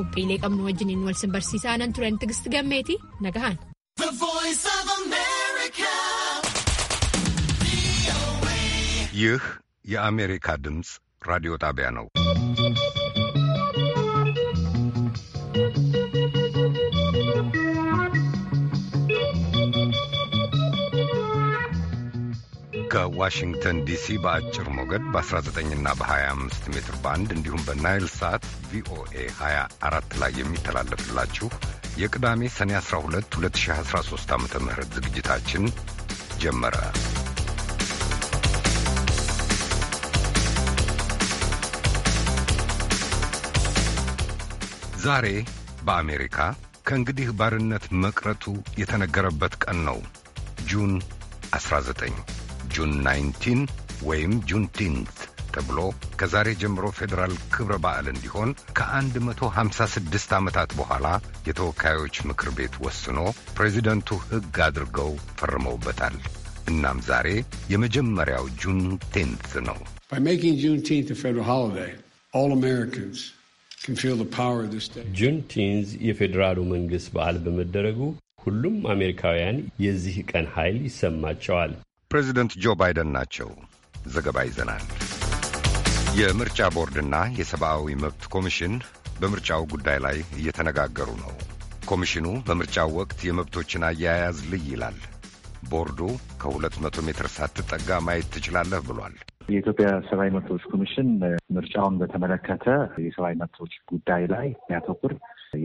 qophiilee qabnu wajjiniin wal sin barsiisaa nan turan tigisti gammeeti nagahan. ይህ የአሜሪካ ድምፅ ራዲዮ ጣቢያ ነው። ከዋሽንግተን ዲሲ በአጭር ሞገድ በ19ና በ25 ሜትር ባንድ እንዲሁም በናይል ሳት ቪኦኤ 24 ላይ የሚተላለፍላችሁ የቅዳሜ ሰኔ 12 2013 ዓ ም ዝግጅታችን ጀመረ። ዛሬ በአሜሪካ ከእንግዲህ ባርነት መቅረቱ የተነገረበት ቀን ነው። ጁን 19 ጁን 19 ወይም ጁንቲንት ተብሎ ከዛሬ ጀምሮ ፌዴራል ክብረ በዓል እንዲሆን ከ156 ዓመታት በኋላ የተወካዮች ምክር ቤት ወስኖ ፕሬዚደንቱ ሕግ አድርገው ፈርመውበታል። እናም ዛሬ የመጀመሪያው ጁን ቴንት ነው። ጁን ቲንዝ የፌዴራሉ መንግሥት በዓል በመደረጉ ሁሉም አሜሪካውያን የዚህ ቀን ኃይል ይሰማቸዋል። ፕሬዚደንት ጆ ባይደን ናቸው። ዘገባ ይዘናል። የምርጫ ቦርድና የሰብአዊ መብት ኮሚሽን በምርጫው ጉዳይ ላይ እየተነጋገሩ ነው። ኮሚሽኑ በምርጫው ወቅት የመብቶችን አያያዝ ልይ ይላል። ቦርዱ ከ200 ሜትር ሳትጠጋ ማየት ትችላለህ ብሏል። የኢትዮጵያ ሰብአዊ መብቶች ኮሚሽን ምርጫውን በተመለከተ የሰብአዊ መብቶች ጉዳይ ላይ የሚያተኩር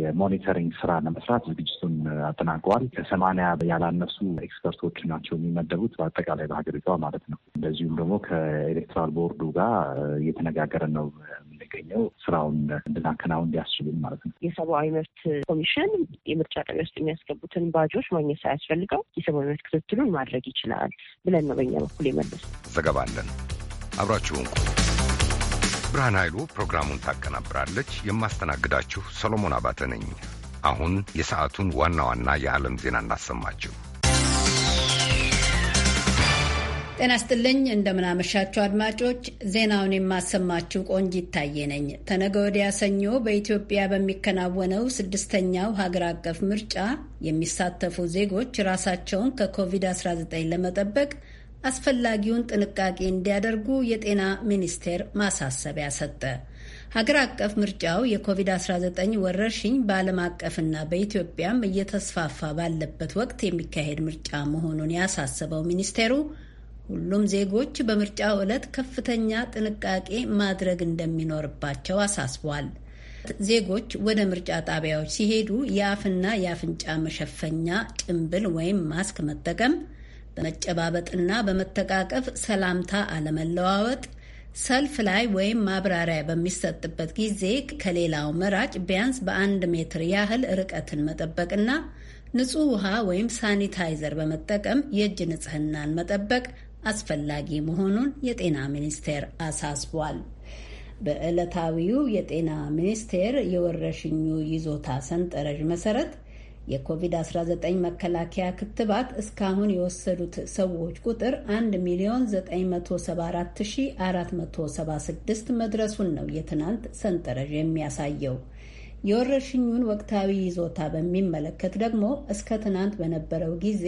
የሞኒተሪንግ ስራ ለመስራት ዝግጅቱን አጠናቀዋል። ከሰማንያ ያላነሱ ኤክስፐርቶች ናቸው የሚመደቡት በአጠቃላይ በሀገሪቷ ማለት ነው። እንደዚሁም ደግሞ ከኤሌክትራል ቦርዱ ጋር እየተነጋገረ ነው የሚገኘው ስራውን እንድናከናውን እንዲያስችሉን ማለት ነው። የሰብአዊ መብት ኮሚሽን የምርጫ ጣቢያ ውስጥ የሚያስገቡትን ባጆች ማግኘት ሳያስፈልገው የሰብአዊ መብት ክትትሉን ማድረግ ይችላል ብለን ነው በኛ በኩል የመለስ ዘገባ አለን። አብራችሁን ብርሃን ኃይሉ ፕሮግራሙን ታቀናብራለች። የማስተናግዳችሁ ሰሎሞን አባተ ነኝ። አሁን የሰዓቱን ዋና ዋና የዓለም ዜና እናሰማችሁ። ጤና ይስጥልኝ። እንደምናመሻችሁ አድማጮች፣ ዜናውን የማሰማችሁ ቆንጅ ይታየ ነኝ። ተነገ ወዲያ ሰኞ በኢትዮጵያ በሚከናወነው ስድስተኛው ሀገር አቀፍ ምርጫ የሚሳተፉ ዜጎች ራሳቸውን ከኮቪድ-19 ለመጠበቅ አስፈላጊውን ጥንቃቄ እንዲያደርጉ የጤና ሚኒስቴር ማሳሰቢያ ሰጠ። ሀገር አቀፍ ምርጫው የኮቪድ-19 ወረርሽኝ በዓለም አቀፍና በኢትዮጵያም እየተስፋፋ ባለበት ወቅት የሚካሄድ ምርጫ መሆኑን ያሳሰበው ሚኒስቴሩ ሁሉም ዜጎች በምርጫው ዕለት ከፍተኛ ጥንቃቄ ማድረግ እንደሚኖርባቸው አሳስቧል። ዜጎች ወደ ምርጫ ጣቢያዎች ሲሄዱ የአፍና የአፍንጫ መሸፈኛ ጭንብል ወይም ማስክ መጠቀም በመጨባበጥና በመተቃቀፍ ሰላምታ አለመለዋወጥ፣ ሰልፍ ላይ ወይም ማብራሪያ በሚሰጥበት ጊዜ ከሌላው መራጭ ቢያንስ በአንድ ሜትር ያህል ርቀትን መጠበቅና ንጹህ ውሃ ወይም ሳኒታይዘር በመጠቀም የእጅ ንጽህናን መጠበቅ አስፈላጊ መሆኑን የጤና ሚኒስቴር አሳስቧል። በዕለታዊው የጤና ሚኒስቴር የወረሽኙ ይዞታ ሰንጠረዥ መሰረት የኮቪድ-19 መከላከያ ክትባት እስካሁን የወሰዱት ሰዎች ቁጥር 1 ሚሊዮን 974476 መድረሱን ነው የትናንት ሰንጠረዥ የሚያሳየው። የወረርሽኙን ወቅታዊ ይዞታ በሚመለከት ደግሞ እስከ ትናንት በነበረው ጊዜ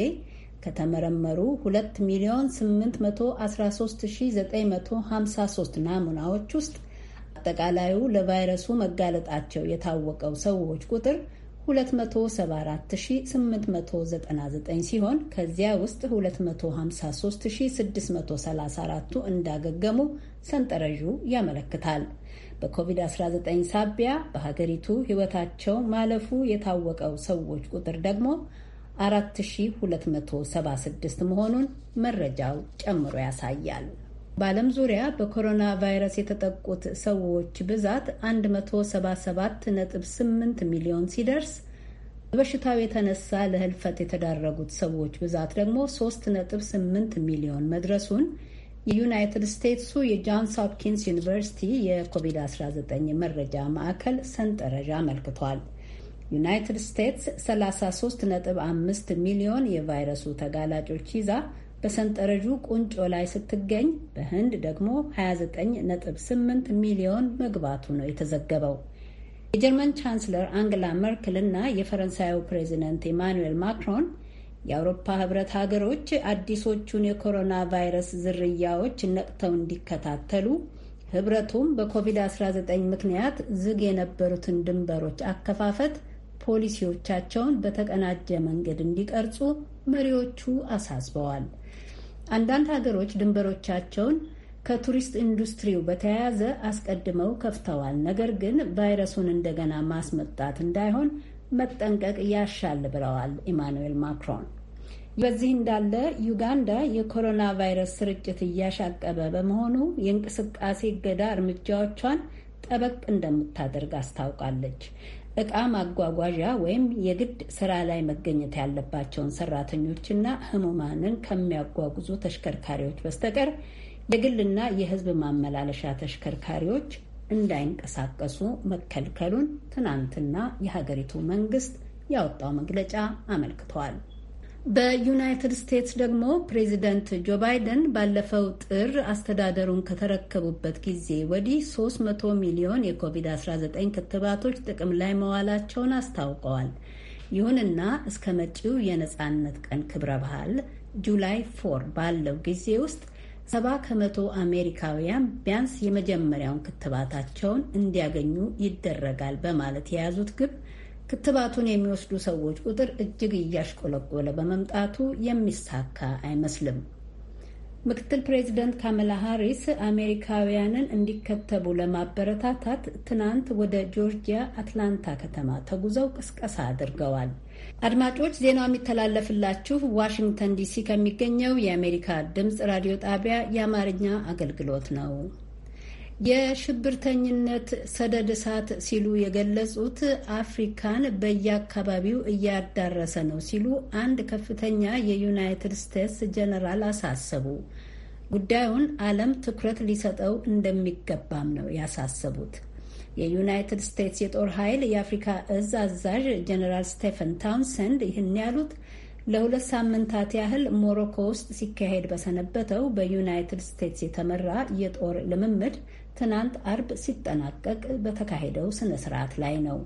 ከተመረመሩ 2 ሚሊዮን 813953 ናሙናዎች ውስጥ አጠቃላዩ ለቫይረሱ መጋለጣቸው የታወቀው ሰዎች ቁጥር 274,899 ሲሆን ከዚያ ውስጥ 253,634ቱ እንዳገገሙ ሰንጠረዡ ያመለክታል። በኮቪድ-19 ሳቢያ በሀገሪቱ ሕይወታቸው ማለፉ የታወቀው ሰዎች ቁጥር ደግሞ 4276 መሆኑን መረጃው ጨምሮ ያሳያል። በዓለም ዙሪያ በኮሮና ቫይረስ የተጠቁት ሰዎች ብዛት 177.8 ሚሊዮን ሲደርስ በበሽታው የተነሳ ለህልፈት የተዳረጉት ሰዎች ብዛት ደግሞ 3.8 ሚሊዮን መድረሱን የዩናይትድ ስቴትሱ የጃንስ ሆፕኪንስ ዩኒቨርሲቲ የኮቪድ-19 መረጃ ማዕከል ሰንጠረዥ አመልክቷል። ዩናይትድ ስቴትስ 33.5 ሚሊዮን የቫይረሱ ተጋላጮች ይዛ በሰንጠረዡ ቁንጮ ላይ ስትገኝ በህንድ ደግሞ 29.8 ሚሊዮን መግባቱ ነው የተዘገበው። የጀርመን ቻንስለር አንግላ መርክል እና የፈረንሳዩ ፕሬዚደንት ኢማኑኤል ማክሮን የአውሮፓ ህብረት ሀገሮች አዲሶቹን የኮሮና ቫይረስ ዝርያዎች ነቅተው እንዲከታተሉ ህብረቱም በኮቪድ-19 ምክንያት ዝግ የነበሩትን ድንበሮች አከፋፈት ፖሊሲዎቻቸውን በተቀናጀ መንገድ እንዲቀርጹ መሪዎቹ አሳስበዋል። አንዳንድ ሀገሮች ድንበሮቻቸውን ከቱሪስት ኢንዱስትሪው በተያያዘ አስቀድመው ከፍተዋል። ነገር ግን ቫይረሱን እንደገና ማስመጣት እንዳይሆን መጠንቀቅ ያሻል ብለዋል ኢማኑኤል ማክሮን። በዚህ እንዳለ ዩጋንዳ የኮሮና ቫይረስ ስርጭት እያሻቀበ በመሆኑ የእንቅስቃሴ እገዳ እርምጃዎቿን ጠበቅ እንደምታደርግ አስታውቃለች። እቃ ማጓጓዣ ወይም የግድ ስራ ላይ መገኘት ያለባቸውን ሰራተኞችና ህሙማንን ከሚያጓጉዙ ተሽከርካሪዎች በስተቀር የግልና የህዝብ ማመላለሻ ተሽከርካሪዎች እንዳይንቀሳቀሱ መከልከሉን ትናንትና የሀገሪቱ መንግስት ያወጣው መግለጫ አመልክተዋል። በዩናይትድ ስቴትስ ደግሞ ፕሬዚደንት ጆ ባይደን ባለፈው ጥር አስተዳደሩን ከተረከቡበት ጊዜ ወዲህ 300 ሚሊዮን የኮቪድ-19 ክትባቶች ጥቅም ላይ መዋላቸውን አስታውቀዋል። ይሁንና እስከ መጪው የነፃነት ቀን ክብረ በዓል ጁላይ ፎር ባለው ጊዜ ውስጥ ሰባ ከመቶ አሜሪካውያን ቢያንስ የመጀመሪያውን ክትባታቸውን እንዲያገኙ ይደረጋል በማለት የያዙት ግብ ክትባቱን የሚወስዱ ሰዎች ቁጥር እጅግ እያሽቆለቆለ በመምጣቱ የሚሳካ አይመስልም። ምክትል ፕሬዚደንት ካመላ ሃሪስ አሜሪካውያንን እንዲከተቡ ለማበረታታት ትናንት ወደ ጆርጂያ አትላንታ ከተማ ተጉዘው ቅስቀሳ አድርገዋል። አድማጮች ዜናው የሚተላለፍላችሁ ዋሽንግተን ዲሲ ከሚገኘው የአሜሪካ ድምፅ ራዲዮ ጣቢያ የአማርኛ አገልግሎት ነው። የሽብርተኝነት ሰደድ እሳት ሲሉ የገለጹት አፍሪካን በየአካባቢው እያዳረሰ ነው ሲሉ አንድ ከፍተኛ የዩናይትድ ስቴትስ ጀነራል አሳሰቡ። ጉዳዩን ዓለም ትኩረት ሊሰጠው እንደሚገባም ነው ያሳሰቡት። የዩናይትድ ስቴትስ የጦር ኃይል የአፍሪካ እዝ አዛዥ ጀኔራል ስቴፈን ታውንሰንድ ይህን ያሉት ለሁለት ሳምንታት ያህል ሞሮኮ ውስጥ ሲካሄድ በሰነበተው በዩናይትድ ስቴትስ የተመራ የጦር ልምምድ ትናንት አርብ ሲጠናቀቅ በተካሄደው ስነ ስርዓት ላይ ነው።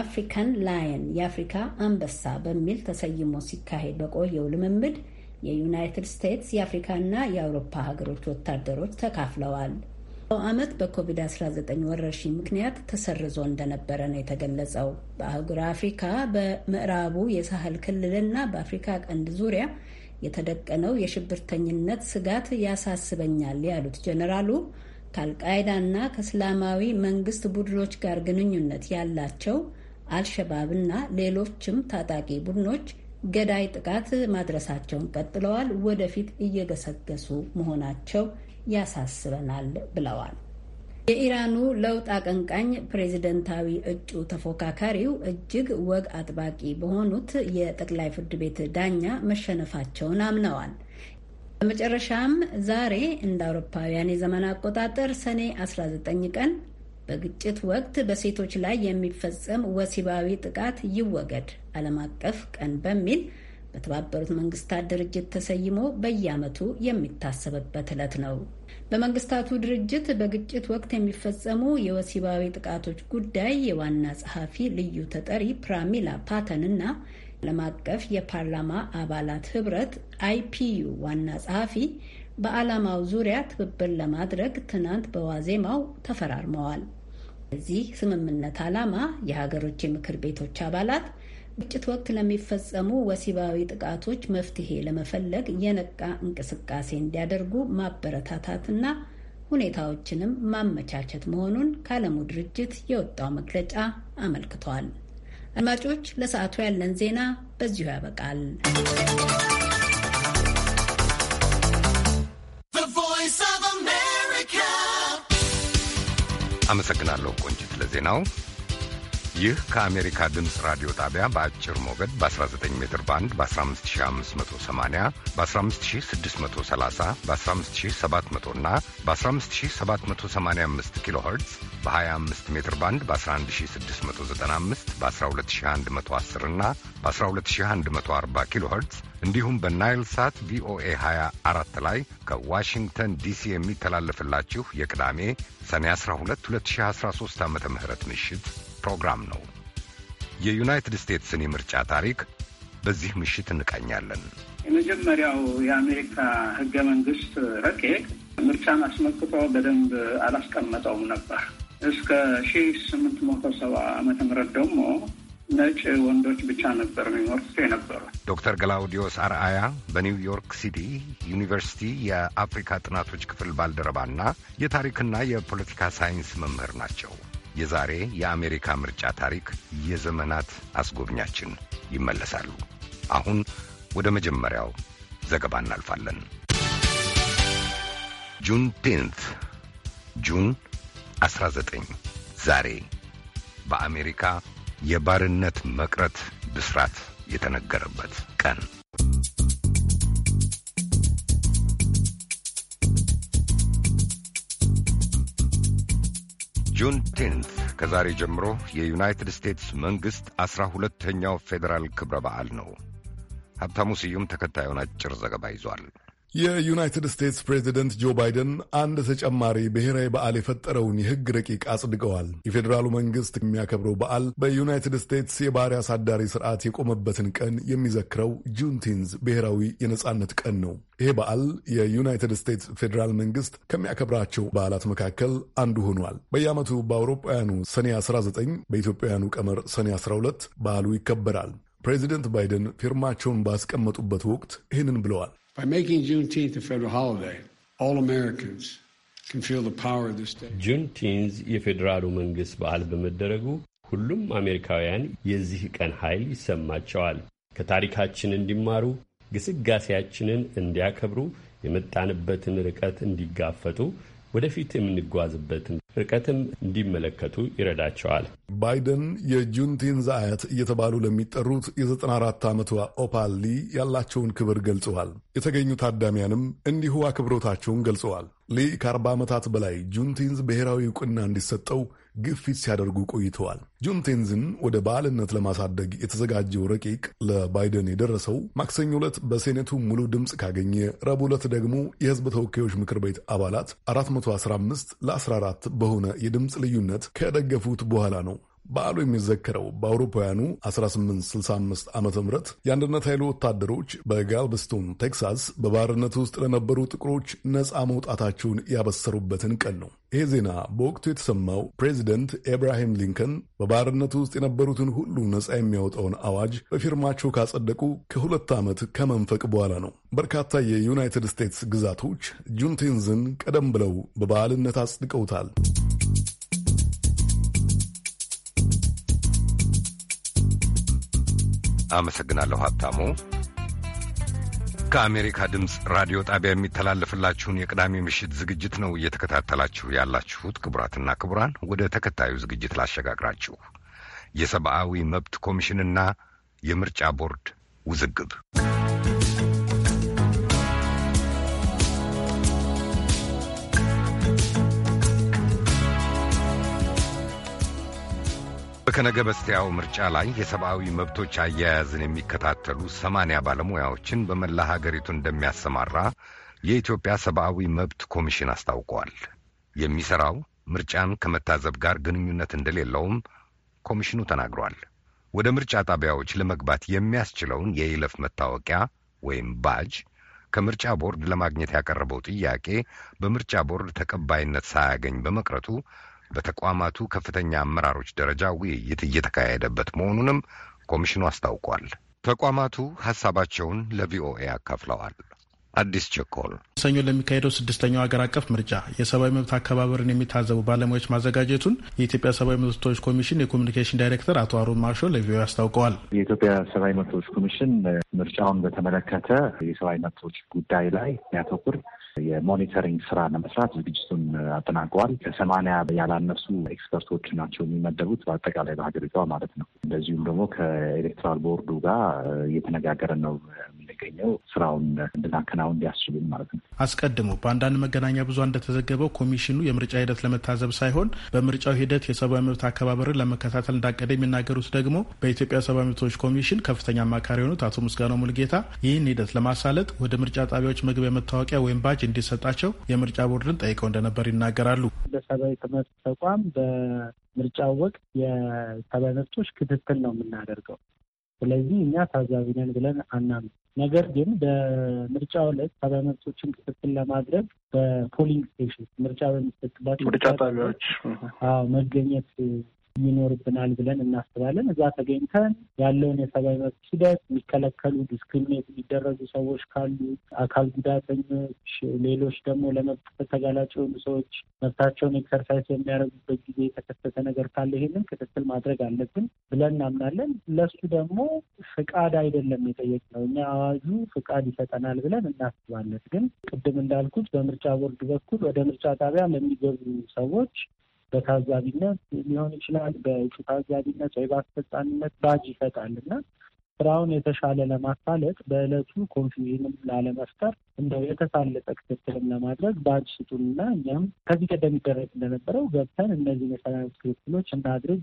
አፍሪካን ላየን የአፍሪካ አንበሳ በሚል ተሰይሞ ሲካሄድ በቆየው ልምምድ የዩናይትድ ስቴትስ የአፍሪካና የአውሮፓ ሀገሮች ወታደሮች ተካፍለዋል። ዓመት በኮቪድ-19 ወረርሽኝ ምክንያት ተሰርዞ እንደነበረ ነው የተገለጸው። በአህጉር አፍሪካ በምዕራቡ የሳህል ክልልና በአፍሪካ ቀንድ ዙሪያ የተደቀነው የሽብርተኝነት ስጋት ያሳስበኛል ያሉት ጀኔራሉ ከአልቃይዳና ከእስላማዊ መንግስት ቡድኖች ጋር ግንኙነት ያላቸው አልሸባብና ሌሎችም ታጣቂ ቡድኖች ገዳይ ጥቃት ማድረሳቸውን ቀጥለዋል። ወደፊት እየገሰገሱ መሆናቸው ያሳስበናል ብለዋል። የኢራኑ ለውጥ አቀንቃኝ ፕሬዚደንታዊ እጩ ተፎካካሪው እጅግ ወግ አጥባቂ በሆኑት የጠቅላይ ፍርድ ቤት ዳኛ መሸነፋቸውን አምነዋል። በመጨረሻም ዛሬ እንደ አውሮፓውያን የዘመን አቆጣጠር ሰኔ 19 ቀን በግጭት ወቅት በሴቶች ላይ የሚፈጸም ወሲባዊ ጥቃት ይወገድ ዓለም አቀፍ ቀን በሚል በተባበሩት መንግስታት ድርጅት ተሰይሞ በየዓመቱ የሚታሰብበት ዕለት ነው። በመንግስታቱ ድርጅት በግጭት ወቅት የሚፈጸሙ የወሲባዊ ጥቃቶች ጉዳይ የዋና ጸሐፊ ልዩ ተጠሪ ፕራሚላ ፓተን እና ዓለም አቀፍ የፓርላማ አባላት ህብረት አይፒዩ ዋና ጸሐፊ በዓላማው ዙሪያ ትብብር ለማድረግ ትናንት በዋዜማው ተፈራርመዋል። እዚህ ስምምነት ዓላማ የሀገሮች የምክር ቤቶች አባላት ግጭት ወቅት ለሚፈጸሙ ወሲባዊ ጥቃቶች መፍትሄ ለመፈለግ የነቃ እንቅስቃሴ እንዲያደርጉ ማበረታታትና ሁኔታዎችንም ማመቻቸት መሆኑን ከዓለሙ ድርጅት የወጣው መግለጫ አመልክቷል። አድማጮች፣ ለሰዓቱ ያለን ዜና በዚሁ ያበቃል። አመሰግናለሁ ቆንጅት ለዜናው። ይህ ከአሜሪካ ድምፅ ራዲዮ ጣቢያ በአጭር ሞገድ በ19 ሜትር ባንድ በ15580 በ15630 በ15700 እና በ15785 ኪሎ ኸርትዝ በ25 ሜትር ባንድ በ11695 በ12110 እና በ12140 ኪሎ ኸርትዝ እንዲሁም በናይል ሳት ቪኦኤ 24 ላይ ከዋሽንግተን ዲሲ የሚተላለፍላችሁ የቅዳሜ ሰኔ 12 2013 ዓ ም ምሽት ፕሮግራም ነው። የዩናይትድ ስቴትስን የምርጫ ታሪክ በዚህ ምሽት እንቃኛለን። የመጀመሪያው የአሜሪካ ህገ መንግስት ረቂቅ ምርጫን አስመልክቶ በደንብ አላስቀመጠውም ነበር። እስከ ሺ ስምንት መቶ ሰባ ዓመተ ምህረት ደግሞ ነጭ ወንዶች ብቻ ነበር የሚመርጡ የነበሩ። ዶክተር ገላውዲዮስ አርአያ በኒውዮርክ ሲቲ ዩኒቨርሲቲ የአፍሪካ ጥናቶች ክፍል ባልደረባና የታሪክና የፖለቲካ ሳይንስ መምህር ናቸው። የዛሬ የአሜሪካ ምርጫ ታሪክ የዘመናት አስጎብኛችን ይመለሳሉ። አሁን ወደ መጀመሪያው ዘገባ እናልፋለን። ጁን ቴንት ጁን 19 ዛሬ በአሜሪካ የባርነት መቅረት ብስራት የተነገረበት ቀን ጁን ቴንት ከዛሬ ጀምሮ የዩናይትድ ስቴትስ መንግሥት ዐሥራ ሁለተኛው ፌዴራል ክብረ በዓል ነው። ሀብታሙ ስዩም ተከታዩን አጭር ዘገባ ይዟል። የዩናይትድ ስቴትስ ፕሬዚደንት ጆ ባይደን አንድ ተጨማሪ ብሔራዊ በዓል የፈጠረውን የሕግ ረቂቅ አጽድቀዋል። የፌዴራሉ መንግስት የሚያከብረው በዓል በዩናይትድ ስቴትስ የባሪያ አሳዳሪ ስርዓት የቆመበትን ቀን የሚዘክረው ጁንቲንዝ ብሔራዊ የነጻነት ቀን ነው። ይሄ በዓል የዩናይትድ ስቴትስ ፌዴራል መንግስት ከሚያከብራቸው በዓላት መካከል አንዱ ሆኗል። በየዓመቱ በአውሮፓውያኑ ሰኔ 19 በኢትዮጵያውያኑ ቀመር ሰኔ 12 በዓሉ ይከበራል። ፕሬዚደንት ባይደን ፊርማቸውን ባስቀመጡበት ወቅት ይህንን ብለዋል። ጁንቲንዝ የፌዴራሉ መንግስት በዓል በመደረጉ ሁሉም አሜሪካውያን የዚህ ቀን ኃይል ይሰማቸዋል። ከታሪካችን እንዲማሩ፣ ግስጋሴያችንን እንዲያከብሩ፣ የመጣንበትን ርቀት እንዲጋፈጡ፣ ወደፊት የምንጓዝበትን ርቀትም እንዲመለከቱ ይረዳቸዋል። ባይደን የጁንቲንዝ አያት እየተባሉ ለሚጠሩት የ94 ዓመቷ ኦፓል ሊ ያላቸውን ክብር ገልጸዋል። የተገኙ ታዳሚያንም እንዲሁ አክብሮታቸውን ገልጸዋል። ሊ ከ40 ዓመታት በላይ ጁንቲንዝ ብሔራዊ ዕውቅና እንዲሰጠው ግፊት ሲያደርጉ ቆይተዋል። ጁንቲንዝን ወደ በዓልነት ለማሳደግ የተዘጋጀው ረቂቅ ለባይደን የደረሰው ማክሰኞ ዕለት በሴኔቱ ሙሉ ድምፅ ካገኘ ረቡዕ ዕለት ደግሞ የሕዝብ ተወካዮች ምክር ቤት አባላት 415 ለ14 በሆነ የድምፅ ልዩነት ከደገፉት በኋላ ነው። በዓሉ የሚዘከረው በአውሮፓውያኑ 1865 ዓ ም የአንድነት ኃይሉ ወታደሮች በጋልብስቶን ቴክሳስ በባርነት ውስጥ ለነበሩ ጥቁሮች ነፃ መውጣታቸውን ያበሰሩበትን ቀን ነው። ይህ ዜና በወቅቱ የተሰማው ፕሬዚደንት ኤብራሂም ሊንከን በባርነት ውስጥ የነበሩትን ሁሉ ነፃ የሚያወጣውን አዋጅ በፊርማቸው ካጸደቁ ከሁለት ዓመት ከመንፈቅ በኋላ ነው። በርካታ የዩናይትድ ስቴትስ ግዛቶች ጁንቴንዝን ቀደም ብለው በበዓልነት አጽድቀውታል። አመሰግናለሁ ሀብታሙ። ከአሜሪካ ድምፅ ራዲዮ ጣቢያ የሚተላለፍላችሁን የቅዳሜ ምሽት ዝግጅት ነው እየተከታተላችሁ ያላችሁት። ክቡራትና ክቡራን፣ ወደ ተከታዩ ዝግጅት ላሸጋግራችሁ። የሰብአዊ መብት ኮሚሽንና የምርጫ ቦርድ ውዝግብ ከነገ በስቲያው ምርጫ ላይ የሰብአዊ መብቶች አያያዝን የሚከታተሉ ሰማንያ ባለሙያዎችን በመላ ሀገሪቱ እንደሚያሰማራ የኢትዮጵያ ሰብአዊ መብት ኮሚሽን አስታውቋል። የሚሠራው ምርጫን ከመታዘብ ጋር ግንኙነት እንደሌለውም ኮሚሽኑ ተናግሯል። ወደ ምርጫ ጣቢያዎች ለመግባት የሚያስችለውን የይለፍ መታወቂያ ወይም ባጅ ከምርጫ ቦርድ ለማግኘት ያቀረበው ጥያቄ በምርጫ ቦርድ ተቀባይነት ሳያገኝ በመቅረቱ በተቋማቱ ከፍተኛ አመራሮች ደረጃ ውይይት እየተካሄደበት መሆኑንም ኮሚሽኑ አስታውቋል። ተቋማቱ ሀሳባቸውን ለቪኦኤ አካፍለዋል። አዲስ ቸኮል ሰኞ ለሚካሄደው ስድስተኛው ሀገር አቀፍ ምርጫ የሰብአዊ መብት አከባበርን የሚታዘቡ ባለሙያዎች ማዘጋጀቱን የኢትዮጵያ ሰብአዊ መብቶች ኮሚሽን የኮሚኒኬሽን ዳይሬክተር አቶ አሩን ማሾ ለቪኦኤ አስታውቀዋል። የኢትዮጵያ ሰብአዊ መብቶች ኮሚሽን ምርጫውን በተመለከተ የሰብአዊ መብቶች ጉዳይ ላይ ያተኩር የሞኒተሪንግ ስራ ለመስራት ዝግጅቱን አጠናቀዋል። ከሰማንያ ያላነሱ ኤክስፐርቶች ናቸው የሚመደቡት በአጠቃላይ በሀገሪቷ ማለት ነው። እንደዚሁም ደግሞ ከኤሌክትራል ቦርዱ ጋር እየተነጋገረ ነው የሚገኘው ስራውን እንድናከናውን እንዲያስችሉን ማለት ነው። አስቀድሞ በአንዳንድ መገናኛ ብዙሃን እንደተዘገበው ኮሚሽኑ የምርጫ ሂደት ለመታዘብ ሳይሆን በምርጫው ሂደት የሰብአዊ መብት አከባበርን ለመከታተል እንዳቀደ የሚናገሩት ደግሞ በኢትዮጵያ ሰብአዊ መብቶች ኮሚሽን ከፍተኛ አማካሪ የሆኑት አቶ ምስጋናው ሙልጌታ ይህን ሂደት ለማሳለጥ ወደ ምርጫ ጣቢያዎች መግቢያ መታወቂያ ወይም ባጅ እንዲሰጣቸው የምርጫ ቦርድን ጠይቀው እንደነበር ይናገራሉ። በሰብአዊ ትምህርት ተቋም በምርጫው ወቅት የሰብአዊ መብቶች ክትትል ነው የምናደርገው። ስለዚህ እኛ ታዛቢ ነን ብለን አናም። ነገር ግን በምርጫው ዕለት ሰብአዊ መብቶችን ክትትል ለማድረግ በፖሊንግ ስቴሽን ምርጫ በሚሰጥባቸው ምርጫ ጣቢያዎች መገኘት ይኖርብናል ብለን እናስባለን። እዛ ተገኝተን ያለውን የሰብአዊ መብት ሂደት የሚከለከሉ ዲስክሪሚኔት የሚደረጉ ሰዎች ካሉ፣ አካል ጉዳተኞች፣ ሌሎች ደግሞ ለመብት ተጋላጭ የሆኑ ሰዎች መብታቸውን ኤክሰርሳይዝ በሚያደርጉበት ጊዜ የተከሰተ ነገር ካለ ይሄንን ክትትል ማድረግ አለብን ብለን እናምናለን። ለሱ ደግሞ ፍቃድ አይደለም የጠየቅነው እኛ አዋጁ ፍቃድ ይሰጠናል ብለን እናስባለን። ግን ቅድም እንዳልኩት በምርጫ ቦርድ በኩል ወደ ምርጫ ጣቢያ ለሚገቡ ሰዎች በታዛቢነት ሊሆን ይችላል፣ በእጩ ታዛቢነት ወይ በአስፈጻሚነት ባጅ ይሰጣል እና ስራውን የተሻለ ለማሳለጥ በእለቱ ኮንፊዥንም ላለመፍጠር እንደው የተሳለጠ ክትትልም ለማድረግ ባጅ ስጡንና እኛም ከዚህ ቀደም ይደረግ እንደነበረው ገብተን እነዚህን የሰላም ክትትሎች እናድርግ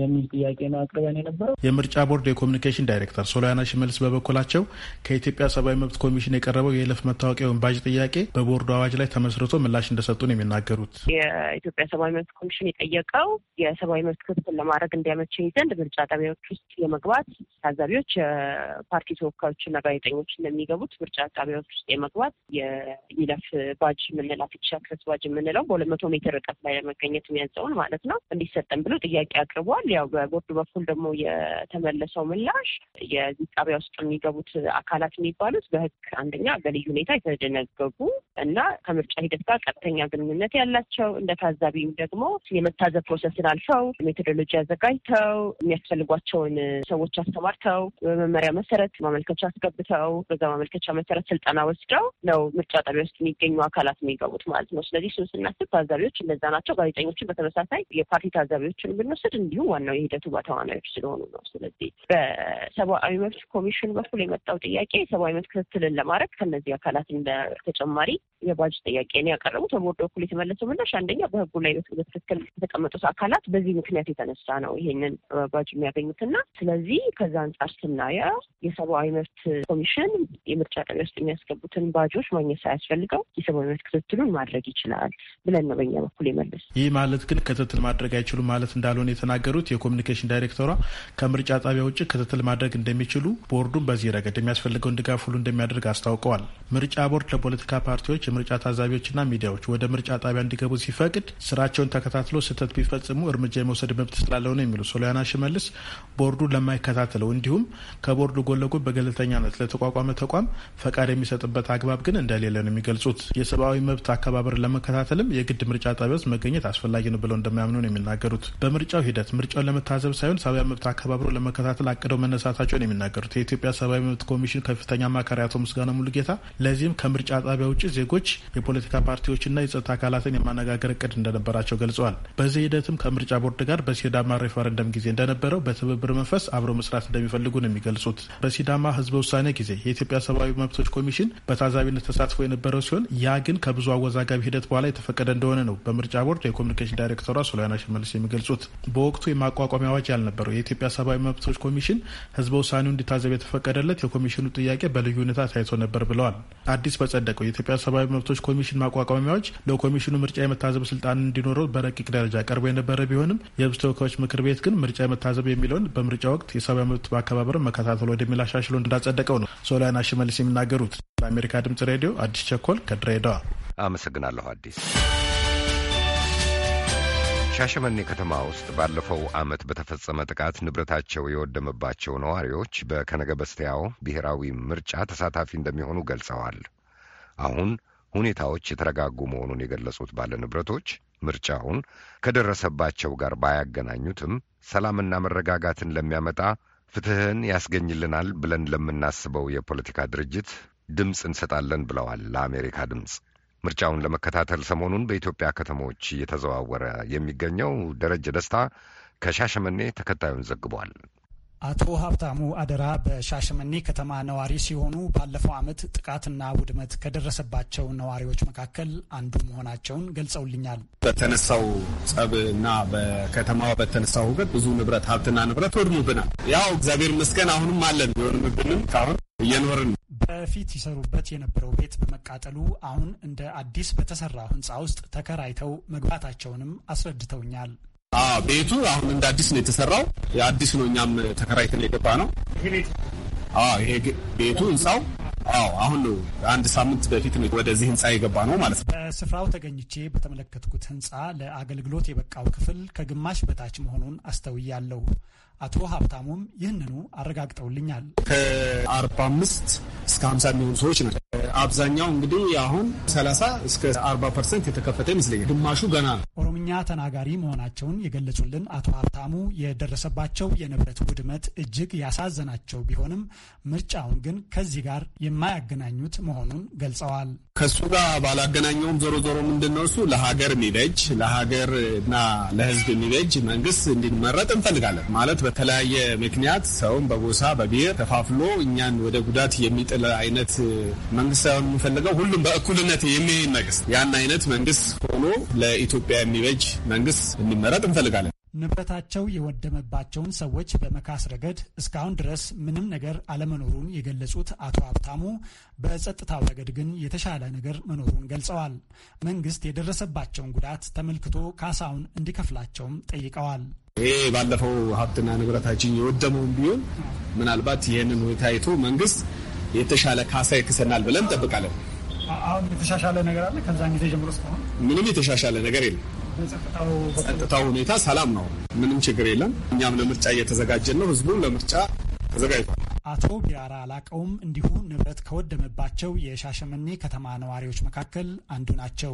የሚል ጥያቄ ነው አቅርበን የነበረው። የምርጫ ቦርድ የኮሚኒኬሽን ዳይሬክተር ሶሊያና ሽመልስ በበኩላቸው ከኢትዮጵያ ሰብአዊ መብት ኮሚሽን የቀረበው የይለፍ መታወቂያ ወንባጅ ጥያቄ በቦርዱ አዋጅ ላይ ተመስርቶ ምላሽ ነው የሚናገሩት የኢትዮጵያ ሰብአዊ መብት ኮሚሽን የጠየቀው የሰብአዊ መብት ክትትል ለማድረግ እንዲያመቸኝ ዘንድ ምርጫ ጣቢያዎች ውስጥ የመግባት ታዛቢዎች፣ የፓርቲ ተወካዮችና ጋዜጠኞች እንደሚገቡት ምርጫ ጣቢያዎች ውስጥ የመግባት የይለፍ ባጅ አፍቻ የሻክረት ባጅ የምንለው በሁለት መቶ ሜትር ርቀት ላይ ለመገኘት የሚያዘውን ማለት ነው እንዲሰጠን ብሎ ጥያቄ አቅርቧል። ይሆናል። ያው በቦርድ በኩል ደግሞ የተመለሰው ምላሽ የዚህ ጣቢያ ውስጥ የሚገቡት አካላት የሚባሉት በህግ አንደኛ በልዩ ሁኔታ የተደነገጉ እና ከምርጫ ሂደት ጋር ቀጥተኛ ግንኙነት ያላቸው እንደ ታዛቢም ደግሞ የመታዘብ ፕሮሰስን አልፈው ሜቶዶሎጂ አዘጋጅተው የሚያስፈልጓቸውን ሰዎች አስተማርተው በመመሪያ መሰረት ማመልከቻ አስገብተው በዛ ማመልከቻ መሰረት ስልጠና ወስደው ነው ምርጫ ጣቢያ ውስጥ የሚገኙ አካላት የሚገቡት ማለት ነው። ስለዚህ እሱን ስናስብ ታዛቢዎች እነዛ ናቸው። ጋዜጠኞችን በተመሳሳይ የፓርቲ ታዛቢዎችን ብንወስድ እንዲሁም ዋናው የሂደቱ ተዋናዮች ስለሆኑ ነው። ስለዚህ በሰብአዊ መብት ኮሚሽን በኩል የመጣው ጥያቄ የሰብአዊ መብት ክትትልን ለማድረግ ከነዚህ አካላት በተጨማሪ የባጅ ጥያቄን ያቀረቡት በቦርድ በኩል የተመለሰው ምላሽ አንደኛ በህጉ ላይ በትክክል የተቀመጡት አካላት በዚህ ምክንያት የተነሳ ነው ይሄንን ባጅ የሚያገኙትና ስለዚህ ከዛ አንጻር ስናየው የሰብአዊ መብት ኮሚሽን የምርጫ ጣቢያ ውስጥ የሚያስገቡትን ባጆች ማግኘት ሳያስፈልገው የሰብአዊ መብት ክትትሉን ማድረግ ይችላል ብለን ነው በኛ በኩል የመለስ። ይህ ማለት ግን ክትትል ማድረግ አይችሉም ማለት እንዳልሆነ የተናገሩት ያሉት የኮሚኒኬሽን ዳይሬክተሯ ከምርጫ ጣቢያ ውጭ ክትትል ማድረግ እንደሚችሉ ቦርዱን በዚህ ረገድ የሚያስፈልገውን ድጋፍ ሁሉ እንደሚያደርግ አስታውቀዋል። ምርጫ ቦርድ ለፖለቲካ ፓርቲዎች፣ የምርጫ ታዛቢዎችና ሚዲያዎች ወደ ምርጫ ጣቢያ እንዲገቡ ሲፈቅድ ስራቸውን ተከታትሎ ስህተት ቢፈጽሙ እርምጃ የመውሰድ መብት ስላለው ነው የሚሉ ሶሊያና ሽመልስ ቦርዱ ለማይከታተለው እንዲሁም ከቦርዱ ጎን ለጎን በገለልተኛነት ለተቋቋመ ተቋም ፈቃድ የሚሰጥበት አግባብ ግን እንደሌለ ነው የሚገልጹት። የሰብአዊ መብት አከባበር ለመከታተልም የግድ ምርጫ ጣቢያ ውስጥ መገኘት አስፈላጊ ነው ብለው እንደሚያምኑ ነው የሚናገሩት። በምርጫው ሂደት ምርጫውን ለመታዘብ ሳይሆን ሰብአዊ መብት አከባብሮ ለመከታተል አቅደው መነሳታቸውን የሚናገሩት የኢትዮጵያ ሰብአዊ መብት ኮሚሽን ከፍተኛ አማካሪ አቶ ምስጋና ሙሉጌታ ለዚህም ከምርጫ ጣቢያ ውጭ ዜጎች የፖለቲካ ፓርቲዎችና የጸጥታ አካላትን የማነጋገር እቅድ እንደነበራቸው ገልጸዋል። በዚህ ሂደትም ከምርጫ ቦርድ ጋር በሲዳማ ሬፈረንደም ጊዜ እንደነበረው በትብብር መንፈስ አብረው መስራት እንደሚፈልጉ ነው የሚገልጹት። በሲዳማ ህዝበ ውሳኔ ጊዜ የኢትዮጵያ ሰብአዊ መብቶች ኮሚሽን በታዛቢነት ተሳትፎ የነበረው ሲሆን ያ ግን ከብዙ አወዛጋቢ ሂደት በኋላ የተፈቀደ እንደሆነ ነው በምርጫ ቦርድ የኮሚኒኬሽን ዳይሬክተሯ ሶሊያና ሽመልስ የሚገልጹት በወቅቱ ማቋቋሚያዎች ያልነበረው የኢትዮጵያ ሰብአዊ መብቶች ኮሚሽን ህዝበ ውሳኔው እንዲታዘብ የተፈቀደለት የኮሚሽኑ ጥያቄ በልዩ ሁኔታ ታይቶ ነበር ብለዋል። አዲስ በጸደቀው የኢትዮጵያ ሰብአዊ መብቶች ኮሚሽን ማቋቋሚያዎች ለኮሚሽኑ ምርጫ የመታዘብ ስልጣን እንዲኖረው በረቂቅ ደረጃ ቀርቦ የነበረ ቢሆንም የህዝብ ተወካዮች ምክር ቤት ግን ምርጫ የመታዘብ የሚለውን በምርጫ ወቅት የሰብአዊ መብት ማከባበር መከታተል ወደሚል አሻሽሎ እንዳጸደቀው ነው ሶሊያና ሽመልስ የሚናገሩት። ለአሜሪካ ድምጽ ሬዲዮ አዲስ ቸኮል ከድሬዳዋ አመሰግናለሁ። አዲስ ሻሸመኔ ከተማ ውስጥ ባለፈው ዓመት በተፈጸመ ጥቃት ንብረታቸው የወደመባቸው ነዋሪዎች በከነገ በስቲያው ብሔራዊ ምርጫ ተሳታፊ እንደሚሆኑ ገልጸዋል። አሁን ሁኔታዎች የተረጋጉ መሆኑን የገለጹት ባለ ንብረቶች ምርጫውን ከደረሰባቸው ጋር ባያገናኙትም ሰላምና መረጋጋትን ለሚያመጣ ፍትህን ያስገኝልናል ብለን ለምናስበው የፖለቲካ ድርጅት ድምፅ እንሰጣለን ብለዋል ለአሜሪካ ድምፅ። ምርጫውን ለመከታተል ሰሞኑን በኢትዮጵያ ከተሞች እየተዘዋወረ የሚገኘው ደረጀ ደስታ ከሻሸመኔ ተከታዩን ዘግቧል። አቶ ሀብታሙ አደራ በሻሸመኔ ከተማ ነዋሪ ሲሆኑ ባለፈው ዓመት ጥቃትና ውድመት ከደረሰባቸው ነዋሪዎች መካከል አንዱ መሆናቸውን ገልጸውልኛል። በተነሳው ጸብ በከተማዋ በተነሳው ውገት ብዙ ንብረት ሀብትና ንብረት ወድሙብናል። ያው እግዚአብሔር ይመስገን አሁንም አለን ቢሆንም ብንም ካሁን እየኖርን በፊት ይሰሩበት የነበረው ቤት በመቃጠሉ አሁን እንደ አዲስ በተሰራ ህንፃ ውስጥ ተከራይተው መግባታቸውንም አስረድተውኛል። ቤቱ አሁን እንደ አዲስ ነው የተሰራው። የአዲስ ነው፣ እኛም ተከራይተን የገባ ነው። ይሄ ቤቱ ህንፃው አዎ አሁን ነው። አንድ ሳምንት በፊት ነው ወደዚህ ህንፃ የገባ ነው ማለት ነው። በስፍራው ተገኝቼ በተመለከትኩት ህንፃ ለአገልግሎት የበቃው ክፍል ከግማሽ በታች መሆኑን አስተውያለሁ። አቶ ሀብታሙም ይህንኑ አረጋግጠውልኛል። ከአርባ አምስት እስከ ሀምሳ የሚሆኑ ሰዎች ናቸው አብዛኛው እንግዲህ አሁን 30 እስከ 40 ፐርሰንት የተከፈተ ይመስለኛል። ግማሹ ገና ነው። ኦሮምኛ ተናጋሪ መሆናቸውን የገለጹልን አቶ ሀብታሙ የደረሰባቸው የንብረት ውድመት እጅግ ያሳዘናቸው ቢሆንም ምርጫውን ግን ከዚህ ጋር የማያገናኙት መሆኑን ገልጸዋል። ከሱ ጋር ባላገናኘውም ዞሮ ዞሮ ምንድን ነው እሱ ለሀገር የሚበጅ ለሀገር እና ለህዝብ የሚበጅ መንግስት እንዲመረጥ እንፈልጋለን ማለት በተለያየ ምክንያት ሰውም በጎሳ በብሔር ተፋፍሎ እኛን ወደ ጉዳት የሚጥል አይነት መንግስት ሳይሆን የምንፈልገው ሁሉም በእኩልነት የሚሄድ መንግስት፣ ያን አይነት መንግስት ሆኖ ለኢትዮጵያ የሚበጅ መንግስት እንዲመረጥ እንፈልጋለን። ንብረታቸው የወደመባቸውን ሰዎች በመካስ ረገድ እስካሁን ድረስ ምንም ነገር አለመኖሩን የገለጹት አቶ ሀብታሙ በጸጥታው ረገድ ግን የተሻለ ነገር መኖሩን ገልጸዋል። መንግስት የደረሰባቸውን ጉዳት ተመልክቶ ካሳውን እንዲከፍላቸውም ጠይቀዋል። ይሄ ባለፈው ሀብትና ንብረታችን የወደመውን ቢሆን ምናልባት ይህንን ሁኔታ አይቶ መንግስት የተሻለ ካሳ ይክሰናል ብለን እንጠብቃለን። አሁን የተሻሻለ ነገር አለ። ከዛን ጊዜ ጀምሮ እስካሁን ምንም የተሻሻለ ነገር የለም። ጸጥታው ሁኔታ ሰላም ነው። ምንም ችግር የለም። እኛም ለምርጫ እየተዘጋጀን ነው። ህዝቡ ለምርጫ ተዘጋጅቷል። አቶ ቢራራ አላቀውም እንዲሁ ንብረት ከወደመባቸው የሻሸመኔ ከተማ ነዋሪዎች መካከል አንዱ ናቸው።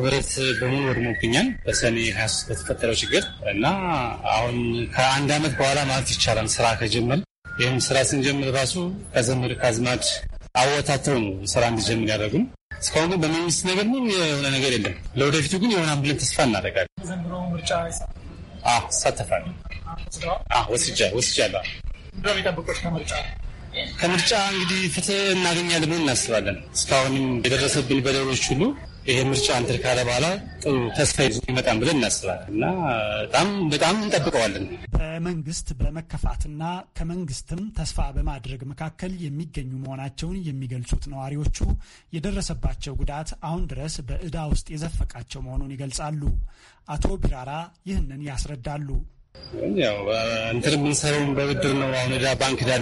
ንብረት በሙሉ ወድሞብኛል በሰኔ ሀያ ሶስት በተፈጠረው ችግር እና አሁን ከአንድ አመት በኋላ ማለት ይቻላል ስራ ከጀመር ይህም ስራ ስንጀምር ራሱ ከዘመድ ከአዝማድ አወታተው ነው ስራ እንዲጀምር ያደረጉም። እስካሁን ግን በመንግስት ነገር ምን የሆነ ነገር የለም። ለወደፊቱ ግን የሆነ ብለን ተስፋ እናደርጋለን። ዘንድሮ ምርጫ እሳተፋለሁ ወስጃለሁ። ከምርጫ እንግዲህ ፍትህ እናገኛለን ብለን እናስባለን። እስካሁንም የደረሰብን በደሎች ሁሉ ይሄ ምርጫ እንትን ካለ በኋላ ጥሩ ተስፋ ይዞ ይመጣን ብለን እናስባለን እና በጣም በጣም እንጠብቀዋለን። በመንግስት በመከፋትና ከመንግስትም ተስፋ በማድረግ መካከል የሚገኙ መሆናቸውን የሚገልጹት ነዋሪዎቹ የደረሰባቸው ጉዳት አሁን ድረስ በእዳ ውስጥ የዘፈቃቸው መሆኑን ይገልጻሉ። አቶ ቢራራ ይህንን ያስረዳሉ። ያው እንትን የምንሰራውን በብድር ነው። አሁን ዕዳ ባንክ እዳ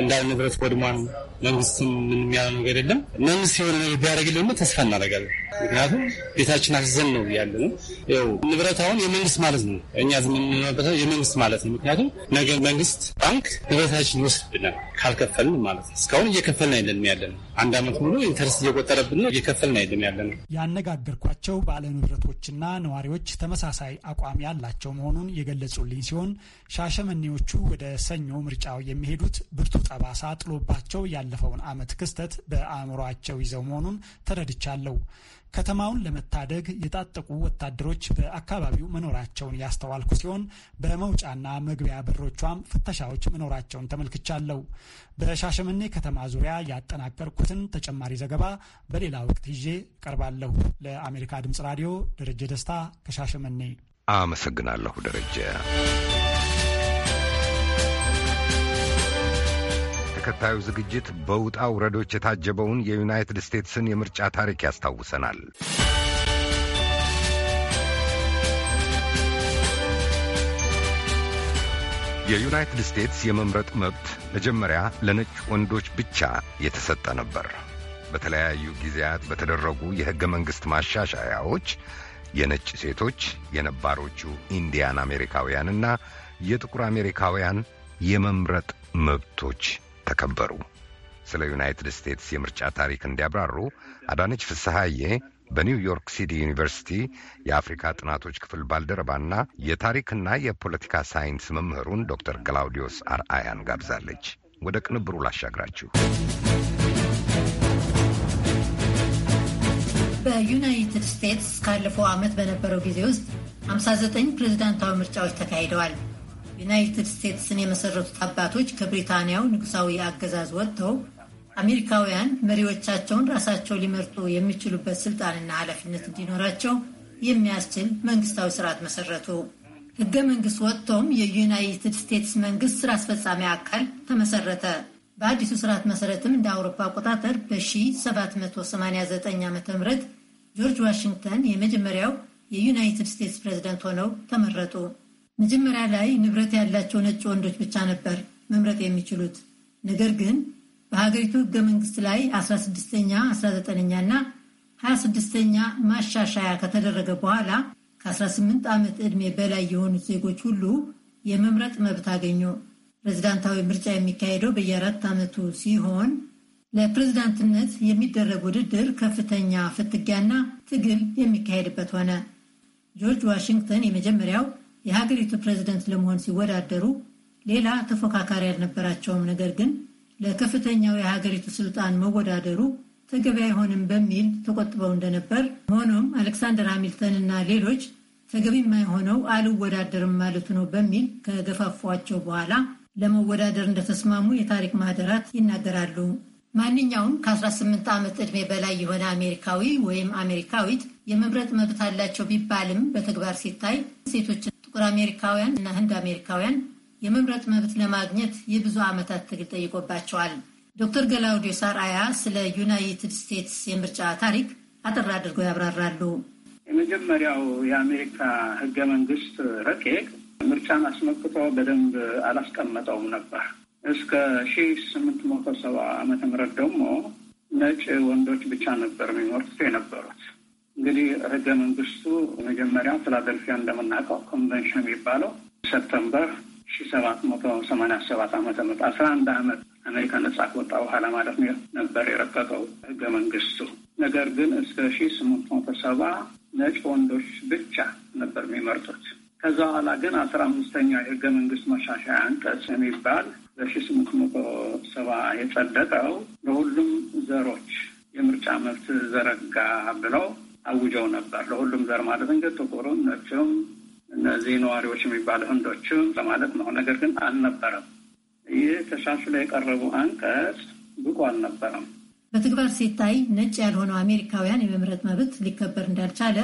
እንዳለ ንብረት ወድሟን መንግስትም ምንም ያለ ነገር የለም። መንግስት የሆነ ነገር ቢያደርግልን ተስፋ እናደርጋለን። ምክንያቱም ቤታችን አስዘን ነው ያለ ነው። ይኸው ንብረት አሁን የመንግስት ማለት ነው። እኛ የምንኖርበት የመንግስት ማለት ነው። ምክንያቱም ነገ መንግስት ባንክ ንብረታችን ይወስድብናል ካልከፈልን ማለት ነው። እስካሁን እየከፈልን አይደለም ያለ ነው። አንድ አመት ሙሉ ኢንተረስት እየቆጠረብን ነው። እየከፈልን አይደለም ያለ ነው። ያነጋገርኳቸው ባለ ንብረቶችና ነዋሪዎች ተመሳሳይ አቋም ያላቸው መሆኑን የገለጹልኝ ሲሆን ሻሸመኔዎቹ ወደ ሰኞ ምርጫው የሚሄዱት ብርቱ ጠባሳ ጥሎባቸው ያለፈውን አመት ክስተት በአእምሯቸው ይዘው መሆኑን ተረድቻለሁ። ከተማውን ለመታደግ የታጠቁ ወታደሮች በአካባቢው መኖራቸውን ያስተዋልኩ ሲሆን በመውጫና መግቢያ በሮቿም ፍተሻዎች መኖራቸውን ተመልክቻለሁ። በሻሸመኔ ከተማ ዙሪያ ያጠናቀርኩትን ተጨማሪ ዘገባ በሌላ ወቅት ይዤ እቀርባለሁ። ለአሜሪካ ድምጽ ራዲዮ ደረጀ ደስታ ከሻሸመኔ አመሰግናለሁ። ደረጀ ተከታዩ ዝግጅት በውጣ ውረዶች የታጀበውን የዩናይትድ ስቴትስን የምርጫ ታሪክ ያስታውሰናል። የዩናይትድ ስቴትስ የመምረጥ መብት መጀመሪያ ለነጭ ወንዶች ብቻ የተሰጠ ነበር። በተለያዩ ጊዜያት በተደረጉ የሕገ መንግሥት ማሻሻያዎች የነጭ ሴቶች፣ የነባሮቹ ኢንዲያን አሜሪካውያንና የጥቁር አሜሪካውያን የመምረጥ መብቶች ተከበሩ። ስለ ዩናይትድ ስቴትስ የምርጫ ታሪክ እንዲያብራሩ አዳነች ፍስሐዬ በኒውዮርክ ሲቲ ዩኒቨርሲቲ የአፍሪካ ጥናቶች ክፍል ባልደረባና የታሪክና የፖለቲካ ሳይንስ መምህሩን ዶክተር ክላውዲዮስ አርአያን ጋብዛለች። ወደ ቅንብሩ ላሻግራችሁ። በዩናይትድ ስቴትስ ካለፈው ዓመት በነበረው ጊዜ ውስጥ 59 ፕሬዚዳንታዊ ምርጫዎች ተካሂደዋል። ዩናይትድ ስቴትስን የመሰረቱት አባቶች ከብሪታንያው ንጉሳዊ አገዛዝ ወጥተው አሜሪካውያን መሪዎቻቸውን ራሳቸው ሊመርጡ የሚችሉበት ስልጣንና ኃላፊነት እንዲኖራቸው የሚያስችል መንግስታዊ ስርዓት መሰረቱ። ህገ መንግስት ወጥቶም የዩናይትድ ስቴትስ መንግስት ስራ አስፈጻሚ አካል ተመሰረተ። በአዲሱ ስርዓት መሰረትም እንደ አውሮፓ አቆጣጠር በ1789 ዓ ም ጆርጅ ዋሽንግተን የመጀመሪያው የዩናይትድ ስቴትስ ፕሬዚደንት ሆነው ተመረጡ። መጀመሪያ ላይ ንብረት ያላቸው ነጭ ወንዶች ብቻ ነበር መምረጥ የሚችሉት። ነገር ግን በሀገሪቱ ህገ መንግስት ላይ 16ኛ፣ 19ኛ እና 26ኛ ማሻሻያ ከተደረገ በኋላ ከ18 ዓመት ዕድሜ በላይ የሆኑት ዜጎች ሁሉ የመምረጥ መብት አገኙ። ፕሬዚዳንታዊ ምርጫ የሚካሄደው በየአራት ዓመቱ ሲሆን ለፕሬዚዳንትነት የሚደረግ ውድድር ከፍተኛ ፍትጊያና ትግል የሚካሄድበት ሆነ። ጆርጅ ዋሽንግተን የመጀመሪያው የሀገሪቱ ፕሬዚደንት ለመሆን ሲወዳደሩ ሌላ ተፎካካሪ አልነበራቸውም። ነገር ግን ለከፍተኛው የሀገሪቱ ስልጣን መወዳደሩ ተገቢ አይሆንም በሚል ተቆጥበው እንደነበር፣ ሆኖም አሌክሳንደር ሃሚልተን እና ሌሎች ተገቢ የማይሆነው አልወዳደርም ማለቱ ነው በሚል ከገፋፏቸው በኋላ ለመወዳደር እንደተስማሙ የታሪክ ማህደራት ይናገራሉ። ማንኛውም ከ18 ዓመት ዕድሜ በላይ የሆነ አሜሪካዊ ወይም አሜሪካዊት የመምረጥ መብት አላቸው ቢባልም በተግባር ሲታይ ሴቶች ጥቁር አሜሪካውያን እና ህንድ አሜሪካውያን የመምረጥ መብት ለማግኘት የብዙ ዓመታት ትግል ጠይቆባቸዋል። ዶክተር ገላውዲዮስ ሳርአያ ስለ ዩናይትድ ስቴትስ የምርጫ ታሪክ አጠር አድርገው ያብራራሉ። የመጀመሪያው የአሜሪካ ህገ መንግስት ረቂቅ ምርጫን አስመልክቶ በደንብ አላስቀመጠውም ነበር። እስከ ሺ ስምንት መቶ ሰባ ዓመተ ምህረት ደግሞ ነጭ ወንዶች ብቻ ነበር የሚመርጡት የነበሩት። እንግዲህ ህገ መንግስቱ መጀመሪያ ፊላደልፊያ እንደምናውቀው ኮንቨንሽን የሚባለው ሰፕተምበር ሺ ሰባት መቶ ሰማኒያ ሰባት ዓመተ ምህረት አስራ አንድ አመት አሜሪካ ነጻ ከወጣ በኋላ ማለት ነው ነበር የረቀቀው ህገ መንግስቱ። ነገር ግን እስከ ሺ ስምንት መቶ ሰባ ነጭ ወንዶች ብቻ ነበር የሚመርጡት። ከዛ በኋላ ግን አስራ አምስተኛው የህገ መንግስት መሻሻያ አንቀጽ የሚባል በሺ ስምንት መቶ ሰባ የጸደቀው ለሁሉም ዘሮች የምርጫ መብት ዘረጋ ብለው አውጀው ነበር ለሁሉም ዘር ማለት እንግዲህ ጥቁሩም፣ ነጭም እነዚህ ነዋሪዎች የሚባል ህንዶችም ለማለት ነው። ነገር ግን አልነበረም። ይህ ተሻሽሎ የቀረቡ አንቀጽ ብቁ አልነበረም። በተግባር ሲታይ ነጭ ያልሆነው አሜሪካውያን የመምረጥ መብት ሊከበር እንዳልቻለ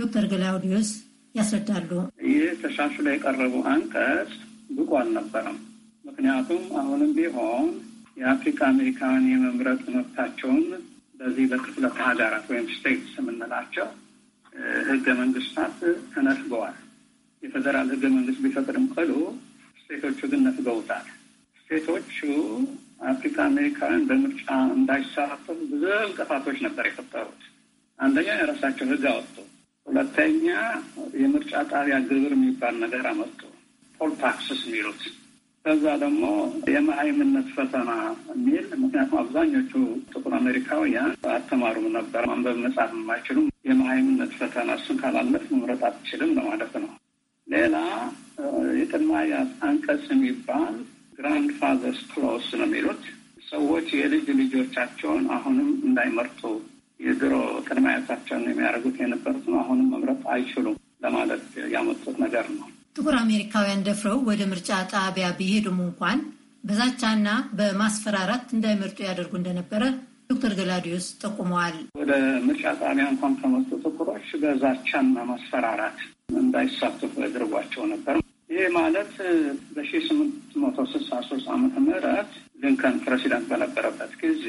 ዶክተር ገላውዲዮስ ያስረዳሉ። ይህ ተሻሽሎ የቀረቡ አንቀጽ ብቁ አልነበረም። ምክንያቱም አሁንም ቢሆን የአፍሪካ አሜሪካውያን የመምረጥ መብታቸውን በዚህ በክፍለ ሀገራት ወይም ስቴትስ የምንላቸው ህገ መንግስታት ተነስበዋል። የፌደራል ህገ መንግስት ቢፈቅድም ቅሉ ስቴቶቹ ግን ነስበውታል። ስቴቶቹ አፍሪካ አሜሪካውያን በምርጫ እንዳይሳተፉ ብዙ እንቅፋቶች ነበር የፈጠሩት። አንደኛ የራሳቸው ህግ አወጡ። ሁለተኛ የምርጫ ጣቢያ ግብር የሚባል ነገር አመጡ። ፖል ታክስስ የሚሉት ከዛ ደግሞ የመሀይምነት ፈተና የሚል ምክንያቱም አብዛኞቹ ጥቁር አሜሪካውያን አተማሩም ነበር ማንበብ መጻፍ የማይችሉም የመሀይምነት ፈተና እሱን ካላለፍ መምረጥ አትችልም ለማለት ነው። ሌላ የቅድማያ አንቀጽ የሚባል ግራንድ ፋዘርስ ክሎስ ነው የሚሉት ሰዎች የልጅ ልጆቻቸውን አሁንም እንዳይመርጡ የድሮ ቅድማያታቸውን የሚያደርጉት የነበሩት ነው አሁንም መምረጥ አይችሉም ለማለት ያመጡት ነገር ነው። ጥቁር አሜሪካውያን ደፍረው ወደ ምርጫ ጣቢያ ቢሄዱም እንኳን በዛቻና በማስፈራራት እንዳይመርጡ ያደርጉ እንደነበረ ዶክተር ገላዲዮስ ጠቁመዋል። ወደ ምርጫ ጣቢያ እንኳን ከመጡ ጥቁሮች በዛቻና ማስፈራራት እንዳይሳተፉ ያደርጓቸው ነበር። ይህ ማለት በሺ ስምንት መቶ ስልሳ ሶስት ዓመተ ምህረት ሊንከን ፕሬዚዳንት በነበረበት ጊዜ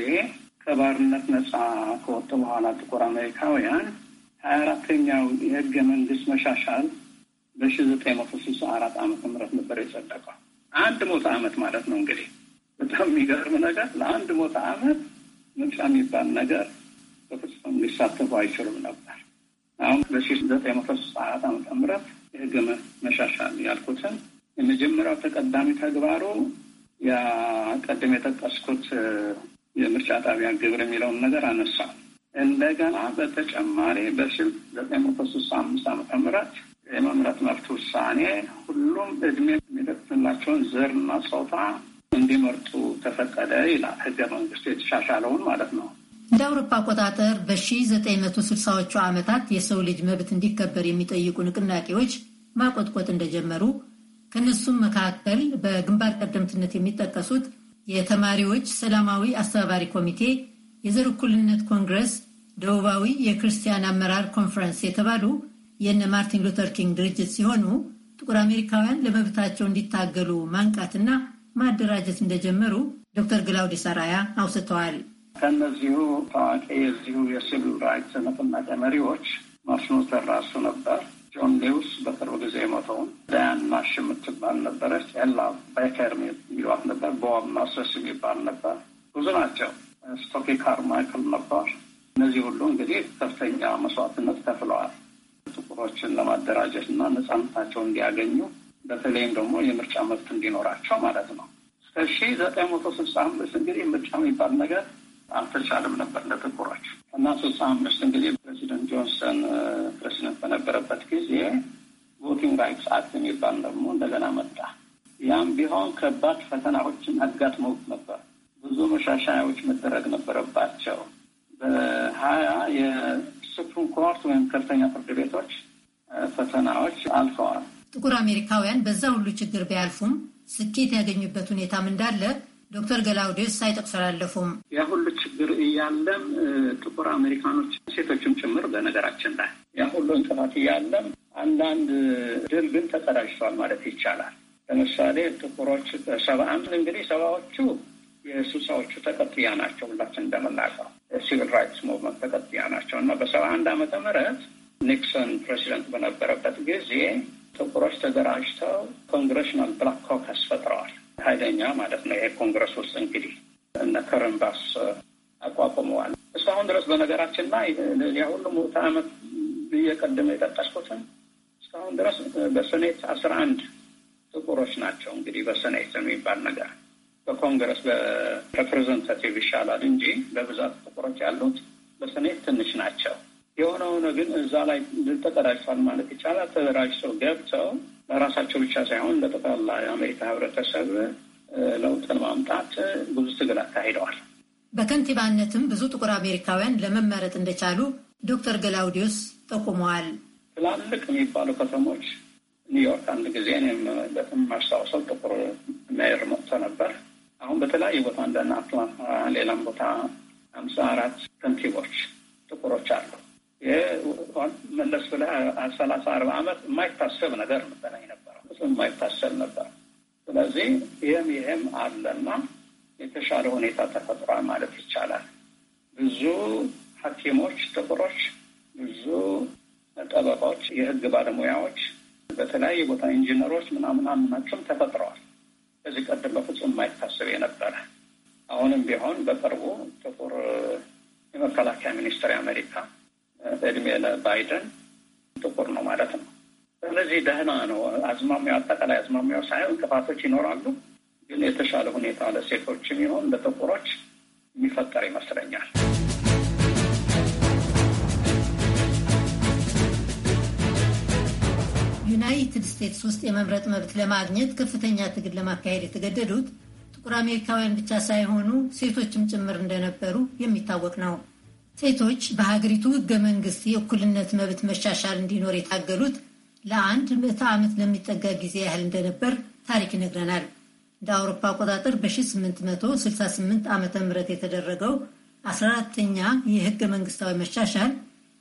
ከባርነት ነጻ ከወጡ በኋላ ጥቁር አሜሪካውያን ሀያ አራተኛው የህገ መንግስት መሻሻል በሺ ዘጠኝ ዓ ም ነበር የጸደቀው። አንድ ሞተ ዓመት ማለት ነው። እንግዲህ በጣም የሚገርም ነገር ለአንድ ሞተ ዓመት ምርጫ የሚባል ነገር በፍጹም ሊሳተፉ አይችሉም ነበር። አሁን በ ዘጠኝ ዓ ም የህግ መሻሻል ያልኩትን የመጀመሪያው ተቀዳሚ ተግባሩ ያቀድም የጠቀስኩት የምርጫ ጣቢያ ግብር የሚለውን ነገር አነሳ። እንደገና በተጨማሪ በሺ ዘጠኝ መቶ ስልሳ አምስት ዓመተ ምህረት የመምረጥ መብት ውሳኔ ሁሉም እድሜ የሚደርስላቸውን ዘርና ጾታ እንዲመርጡ ተፈቀደ ይላል ህገ መንግስቱ የተሻሻለውን ማለት ነው። እንደ አውሮፓ አቆጣጠር ዘጠኝ መቶ ስልሳዎቹ ዓመታት የሰው ልጅ መብት እንዲከበር የሚጠይቁ ንቅናቄዎች ማቆጥቆጥ እንደጀመሩ ከነሱም መካከል በግንባር ቀደምትነት የሚጠቀሱት የተማሪዎች ሰላማዊ አስተባባሪ ኮሚቴ፣ የዘር እኩልነት ኮንግረስ፣ ደቡባዊ የክርስቲያን አመራር ኮንፈረንስ የተባሉ የነ ማርቲን ሉተር ኪንግ ድርጅት ሲሆኑ ጥቁር አሜሪካውያን ለመብታቸው እንዲታገሉ ማንቃትና ማደራጀት እንደጀመሩ ዶክተር ግላውዲ ሰራያ አውስተዋል። ከእነዚሁ ታዋቂ የዚሁ የሲቪል ራይትስ ንቅናቄ መሪዎች ማርቲን ሉተር ራሱ ነበር። ጆን ሌውስ በቅርብ ጊዜ የሞተውን፣ ዳያን ማሽ የምትባል ነበረች፣ ኤላ ቤከር የሚሏት ነበር፣ ቦብ ማሰስ የሚባል ነበር። ብዙ ናቸው። ስቶፒ ካርማይክል ነበር። እነዚህ ሁሉ እንግዲህ ከፍተኛ መስዋዕትነት ከፍለዋል። መዋቅሮችን ለማደራጀት እና ነጻነታቸው እንዲያገኙ በተለይም ደግሞ የምርጫ መብት እንዲኖራቸው ማለት ነው። ከሺ ዘጠኝ መቶ ስልሳ አምስት እንግዲህ ምርጫ የሚባል ነገር አልተቻለም ነበር ለጥቁሮች እና ስልሳ አምስት እንግዲህ ፕሬዚደንት ጆንሰን ፕሬዚደንት በነበረበት ጊዜ ቮቲንግ ራይትስ አክት የሚባል ደግሞ እንደገና መጣ። ያም ቢሆን ከባድ ፈተናዎችን አጋጥመውት ነበር። ብዙ መሻሻያዎች መደረግ ነበረባቸው። በሀያ ሱፕሪም ኮርት ወይም ከፍተኛ ፍርድ ቤቶች ፈተናዎች አልፈዋል። ጥቁር አሜሪካውያን በዛ ሁሉ ችግር ቢያልፉም ስኬት ያገኙበት ሁኔታም እንዳለ ዶክተር ገላውዴስ ሳይጠቅሱ አላለፉም። ያ ሁሉ ችግር እያለም ጥቁር አሜሪካኖች ሴቶችም ጭምር በነገራችን ላይ ያ ሁሉ እንቅፋት እያለም አንዳንድ ድል ግን ተቀዳጅቷል ማለት ይቻላል። ለምሳሌ ጥቁሮች በሰባ አንድ እንግዲህ ሰባዎቹ የስብሰዎቹ ተቀጥያ ናቸው። ሁላችን እንደምናውቀው ሲቪል ራይትስ ሙቭመንት ተቀጥያ ናቸው እና በሰባ አንድ ዓመተ ምህረት ኒክሰን ፕሬዚደንት በነበረበት ጊዜ ጥቁሮች ተደራጅተው ኮንግሬሽናል ብላክ ኮከስ ፈጥረዋል። ኃይለኛ ማለት ነው። ይሄ ኮንግረስ ውስጥ እንግዲህ እነ ከረንባስ አቋቁመዋል። እስካሁን ድረስ በነገራችን ላይ የሁሉ ምዕተ ዓመት እየቀደመ የጠቀስኩትን እስካሁን ድረስ በሰኔት አስራ አንድ ጥቁሮች ናቸው እንግዲህ በሰኔት የሚባል ነገር በኮንግረስ በሬፕሬዘንታቲቭ ይሻላል እንጂ በብዛት ጥቁሮች ያሉት በሰኔት ትንሽ ናቸው። የሆነ ሆነ ግን እዛ ላይ ተደራጅቷል ማለት ይቻላል። ተደራጅተው ገብተው ለራሳቸው ብቻ ሳይሆን ለጠቅላላ የአሜሪካ ህብረተሰብ ለውጥን ማምጣት ብዙ ትግል አካሂደዋል። በከንቲባነትም ብዙ ጥቁር አሜሪካውያን ለመመረጥ እንደቻሉ ዶክተር ገላውዲዮስ ጠቁመዋል። ትላልቅ የሚባሉ ከተሞች ኒውዮርክ አንድ ጊዜ እኔም ማስታወሰው ጥቁር ሜየር መጥቶ ነበር። አሁን በተለያዩ ቦታ እንደ አትላንታ፣ ሌላም ቦታ ሀምሳ አራት ከንቲቦች ጥቁሮች አሉ። ይህ መለስ ብለህ ሰላሳ አርባ ዓመት የማይታሰብ ነገር ነበረ የማይታሰብ ነበር። ስለዚህ ይህም ይህም አለና የተሻለ ሁኔታ ተፈጥሯል ማለት ይቻላል። ብዙ ሐኪሞች ጥቁሮች፣ ብዙ ጠበቃዎች፣ የህግ ባለሙያዎች፣ በተለያየ ቦታ ኢንጂነሮች ምናምን ናቸውም ተፈጥረዋል። ከዚህ ቀደም በፍጹም የማይታሰብ የነበረ አሁንም ቢሆን በቅርቡ ጥቁር የመከላከያ ሚኒስትር የአሜሪካ እድሜ ለባይደን ጥቁር ነው ማለት ነው። ስለዚህ ደህና ነው አዝማሚያው፣ አጠቃላይ አዝማሚያው ሳይሆን እንቅፋቶች ይኖራሉ፣ ግን የተሻለ ሁኔታ ለሴቶችም ይሆን ለጥቁሮች የሚፈጠር ይመስለኛል። ዩናይትድ ስቴትስ ውስጥ የመምረጥ መብት ለማግኘት ከፍተኛ ትግል ለማካሄድ የተገደዱት ጥቁር አሜሪካውያን ብቻ ሳይሆኑ ሴቶችም ጭምር እንደነበሩ የሚታወቅ ነው። ሴቶች በሀገሪቱ ህገ መንግስት የእኩልነት መብት መሻሻል እንዲኖር የታገሉት ለአንድ ምዕተ ዓመት ለሚጠጋ ጊዜ ያህል እንደነበር ታሪክ ይነግረናል። እንደ አውሮፓ አቆጣጠር በ1868 ዓ ም የተደረገው 14ተኛ የህገ መንግስታዊ መሻሻል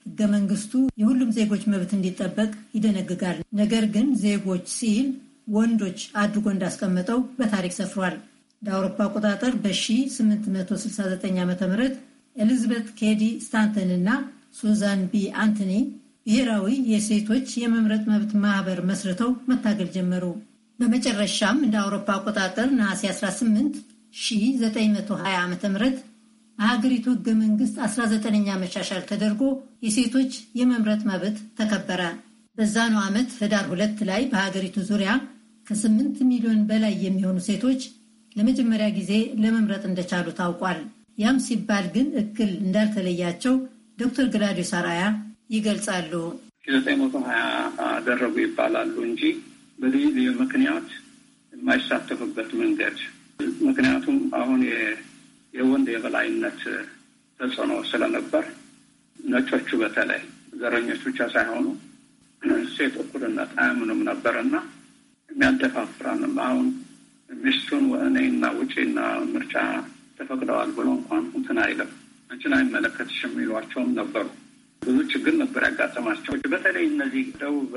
ሕገ መንግስቱ የሁሉም ዜጎች መብት እንዲጠበቅ ይደነግጋል። ነገር ግን ዜጎች ሲል ወንዶች አድርጎ እንዳስቀመጠው በታሪክ ሰፍሯል። እንደ አውሮፓ አቆጣጠር በ1869 ዓ ም ኤሊዝቤት ኬዲ ስታንተን እና ሱዛን ቢ አንቶኒ ብሔራዊ የሴቶች የመምረጥ መብት ማህበር መስርተው መታገል ጀመሩ። በመጨረሻም እንደ አውሮፓ አቆጣጠር ነሐሴ 18 1920 ዓ ም በሀገሪቱ ህገ መንግስት 19ኛ መሻሻል ተደርጎ የሴቶች የመምረጥ መብት ተከበረ። በዛኑ ዓመት ህዳር ሁለት ላይ በሀገሪቱ ዙሪያ ከ8 ሚሊዮን በላይ የሚሆኑ ሴቶች ለመጀመሪያ ጊዜ ለመምረጥ እንደቻሉ ታውቋል። ያም ሲባል ግን እክል እንዳልተለያቸው ዶክተር ግላዲዮስ አርአያ ይገልጻሉ። ዘጠኝ መቶ ሀያ አደረጉ ይባላሉ እንጂ በልዩ ልዩ ምክንያት የማይሳተፉበት መንገድ ምክንያቱም አሁን የወንድ የበላይነት ተጽዕኖ ስለነበር ነጮቹ በተለይ ዘረኞች ብቻ ሳይሆኑ ሴት እኩልነት አያምኑም ነበርና የሚያደፋፍራንም አሁን ሚስቱን እኔና ውጪና ምርጫ ተፈቅደዋል ብሎ እንኳን እንትን አይልም አንቺን አይመለከትሽም ይሏቸውም ነበሩ። ብዙ ችግር ነበር ያጋጠማቸው። በተለይ እነዚህ ደቡብ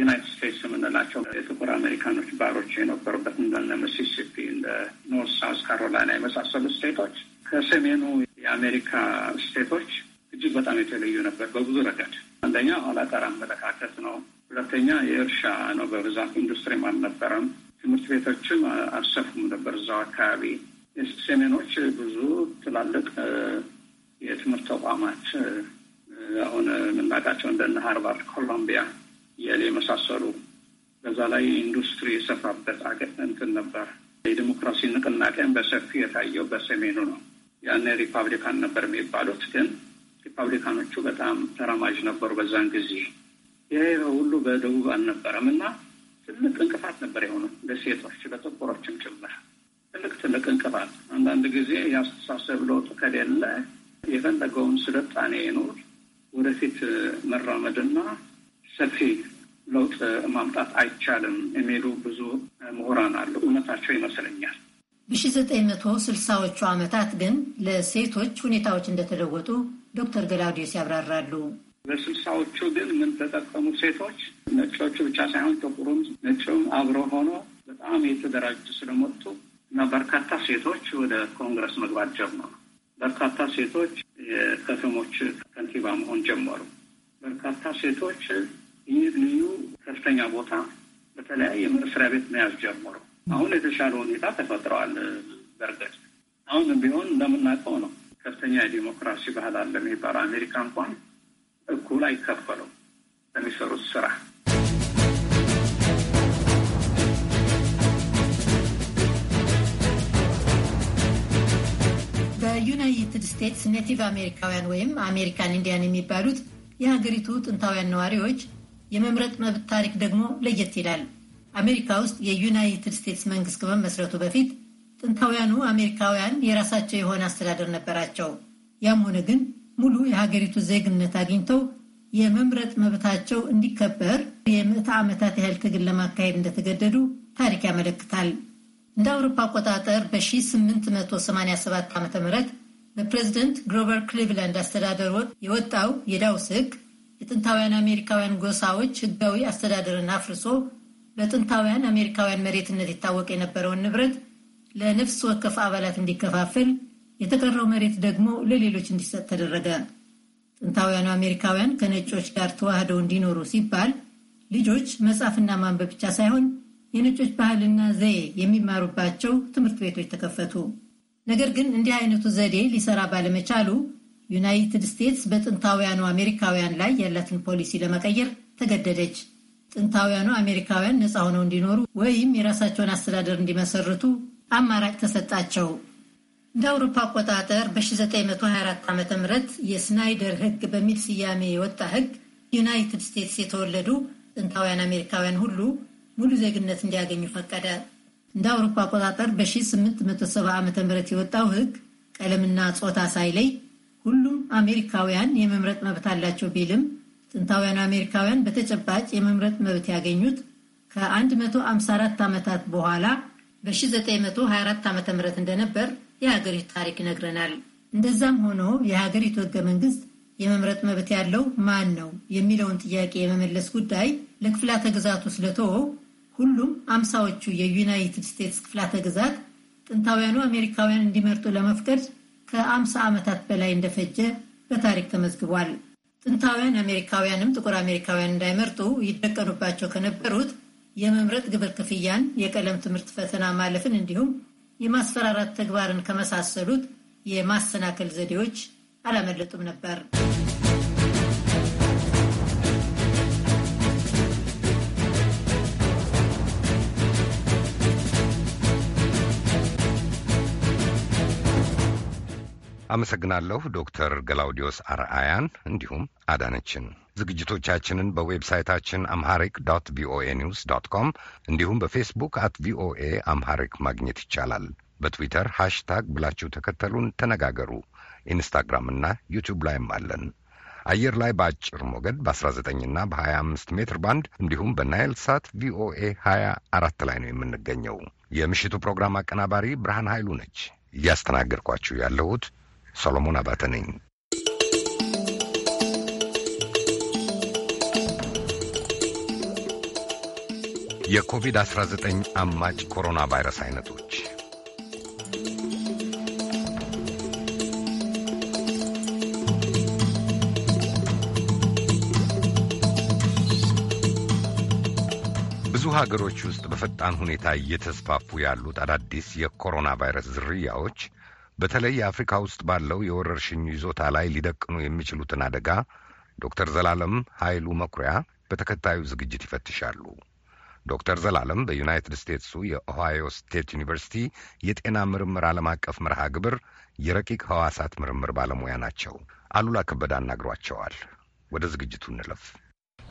ዩናይትድ ስቴትስ የምንላቸው የጥቁር አሜሪካኖች ባሮች የነበሩበት እንደ ሚሲሲፒ፣ እንደ ኖርት ሳውስ ካሮላይና የመሳሰሉ ስቴቶች ከሰሜኑ የአሜሪካ ስቴቶች እጅግ በጣም የተለዩ ነበር በብዙ ረገድ። አንደኛ ኋላ ቀር አመለካከት ነው። ሁለተኛ የእርሻ ነው። በብዛት ኢንዱስትሪም አልነበረም። ትምህርት ቤቶችም አልሰፉም ነበር እዛው አካባቢ። ሰሜኖች ብዙ ትላልቅ የትምህርት ተቋማት አሁን የምናውቃቸው እንደነ ሃርቫርድ፣ ኮሎምቢያ፣ የሌ የመሳሰሉ በዛ ላይ ኢንዱስትሪ የሰፋበት አገር እንትን ነበር። የዲሞክራሲ ንቅናቄን በሰፊ የታየው በሰሜኑ ነው። ያኔ ሪፓብሊካን ነበር የሚባሉት፣ ግን ሪፓብሊካኖቹ በጣም ተራማጅ ነበሩ በዛን ጊዜ። ይሄ ሁሉ በደቡብ አልነበረም እና ትልቅ እንቅፋት ነበር የሆኑ ለሴቶች ለጥቁሮችም ጭምር ትልቅ ትልቅ እንቅፋት። አንዳንድ ጊዜ የአስተሳሰብ ለውጥ ከሌለ የፈለገውን ስልጣኔ ይኑር ወደፊት መራመድና ሰፊ ለውጥ ማምጣት አይቻልም የሚሉ ብዙ ምሁራን አሉ። እውነታቸው ይመስለኛል ዘጠኝ መቶ ዎቹ ዓመታት ግን ለሴቶች ሁኔታዎች እንደተለወጡ ዶክተር ገላውዲዮስ ያብራራሉ። በስልሳዎቹ ግን ምን ተጠቀሙ? ሴቶች ነጮቹ ብቻ ሳይሆን ጥቁሩም ነጭም አብሮ ሆኖ በጣም የተደራጁ ስለመጡ እና በርካታ ሴቶች ወደ ኮንግረስ መግባት ጀመሩ። በርካታ ሴቶች የከተሞች ከንቲባ መሆን ጀመሩ። በርካታ ሴቶች ልዩ ከፍተኛ ቦታ በተለያየ መስሪያ ቤት መያዝ ጀመሩ። አሁን የተሻለ ሁኔታ ተፈጥረዋል። በርግጥ አሁንም ቢሆን እንደምናውቀው ነው። ከፍተኛ የዲሞክራሲ ባህል አለ የሚባለው አሜሪካ እንኳን እኩል አይከፈለው ለሚሰሩት ስራ ዩናይትድ ስቴትስ ኔቲቭ አሜሪካውያን ወይም አሜሪካን ኢንዲያን የሚባሉት የሀገሪቱ ጥንታውያን ነዋሪዎች የመምረጥ መብት ታሪክ ደግሞ ለየት ይላል። አሜሪካ ውስጥ የዩናይትድ ስቴትስ መንግስት ከመመስረቱ በፊት ጥንታውያኑ አሜሪካውያን የራሳቸው የሆነ አስተዳደር ነበራቸው። ያም ሆነ ግን ሙሉ የሀገሪቱ ዜግነት አግኝተው የመምረጥ መብታቸው እንዲከበር የምዕተ ዓመታት ያህል ትግል ለማካሄድ እንደተገደዱ ታሪክ ያመለክታል። እንደ አውሮፓ አቆጣጠር በ1887 ዓ ም በፕሬዚደንት ግሮቨር ክሊቭላንድ አስተዳደር ወቅት የወጣው የዳውስ ሕግ የጥንታውያን አሜሪካውያን ጎሳዎች ሕጋዊ አስተዳደርን አፍርሶ በጥንታውያን አሜሪካውያን መሬትነት ይታወቅ የነበረውን ንብረት ለነፍስ ወከፍ አባላት እንዲከፋፈል፣ የተቀረው መሬት ደግሞ ለሌሎች እንዲሰጥ ተደረገ። ጥንታውያኑ አሜሪካውያን ከነጮች ጋር ተዋህደው እንዲኖሩ ሲባል ልጆች መጻፍና ማንበብ ብቻ ሳይሆን የነጮች ባህልና ዘዬ የሚማሩባቸው ትምህርት ቤቶች ተከፈቱ። ነገር ግን እንዲህ አይነቱ ዘዴ ሊሰራ ባለመቻሉ ዩናይትድ ስቴትስ በጥንታውያኑ አሜሪካውያን ላይ ያላትን ፖሊሲ ለመቀየር ተገደደች። ጥንታውያኑ አሜሪካውያን ነፃ ሆነው እንዲኖሩ ወይም የራሳቸውን አስተዳደር እንዲመሰርቱ አማራጭ ተሰጣቸው። እንደ አውሮፓ አቆጣጠር በ1924 ዓ ም የስናይደር ሕግ በሚል ስያሜ የወጣ ሕግ ዩናይትድ ስቴትስ የተወለዱ ጥንታውያን አሜሪካውያን ሁሉ ሙሉ ዜግነት እንዲያገኙ ፈቀደ። እንደ አውሮፓ አቆጣጠር በ1870 ዓ ም የወጣው ህግ ቀለምና ጾታ ሳይለይ ሁሉም አሜሪካውያን የመምረጥ መብት አላቸው ቢልም ጥንታውያን አሜሪካውያን በተጨባጭ የመምረጥ መብት ያገኙት ከ154 ዓመታት በኋላ በ1924 ዓ ም እንደነበር የሀገሪቱ ታሪክ ይነግረናል። እንደዛም ሆኖ የሀገሪቱ ህገ መንግስት የመምረጥ መብት ያለው ማን ነው የሚለውን ጥያቄ የመመለስ ጉዳይ ለክፍላተ ግዛቱ ስለተወው ሁሉም አምሳዎቹ የዩናይትድ ስቴትስ ክፍላተ ግዛት ጥንታውያኑ አሜሪካውያን እንዲመርጡ ለመፍቀድ ከአምሳ ዓመታት በላይ እንደፈጀ በታሪክ ተመዝግቧል። ጥንታውያን አሜሪካውያንም ጥቁር አሜሪካውያን እንዳይመርጡ ይደቀኑባቸው ከነበሩት የመምረጥ ግብር ክፍያን፣ የቀለም ትምህርት ፈተና ማለፍን፣ እንዲሁም የማስፈራራት ተግባርን ከመሳሰሉት የማሰናከል ዘዴዎች አላመለጡም ነበር። አመሰግናለሁ ዶክተር ገላውዲዮስ አርአያን እንዲሁም አዳነችን። ዝግጅቶቻችንን በዌብሳይታችን አምሃሪክ ዶት ቪኦኤ ኒውስ ዶት ኮም እንዲሁም በፌስቡክ አት ቪኦኤ አምሃሪክ ማግኘት ይቻላል። በትዊተር ሃሽታግ ብላችሁ ተከተሉን፣ ተነጋገሩ። ኢንስታግራም እና ዩቲዩብ ላይም አለን። አየር ላይ በአጭር ሞገድ በ19ና በ25 ሜትር ባንድ እንዲሁም በናይል ሳት ቪኦኤ 24 ላይ ነው የምንገኘው። የምሽቱ ፕሮግራም አቀናባሪ ብርሃን ኃይሉ ነች። እያስተናገድኳችሁ ያለሁት ሰሎሞን አባተ ነኝ። የኮቪድ-19 አማጭ ኮሮና ቫይረስ አይነቶች ብዙ ሀገሮች ውስጥ በፈጣን ሁኔታ እየተስፋፉ ያሉት አዳዲስ የኮሮና ቫይረስ ዝርያዎች በተለይ አፍሪካ ውስጥ ባለው የወረርሽኙ ይዞታ ላይ ሊደቅኑ የሚችሉትን አደጋ ዶክተር ዘላለም ኃይሉ መኩሪያ በተከታዩ ዝግጅት ይፈትሻሉ። ዶክተር ዘላለም በዩናይትድ ስቴትሱ የኦሃዮ ስቴት ዩኒቨርሲቲ የጤና ምርምር ዓለም አቀፍ መርሃ ግብር የረቂቅ ህዋሳት ምርምር ባለሙያ ናቸው። አሉላ ከበደ አናግሯቸዋል። ወደ ዝግጅቱ እንለፍ።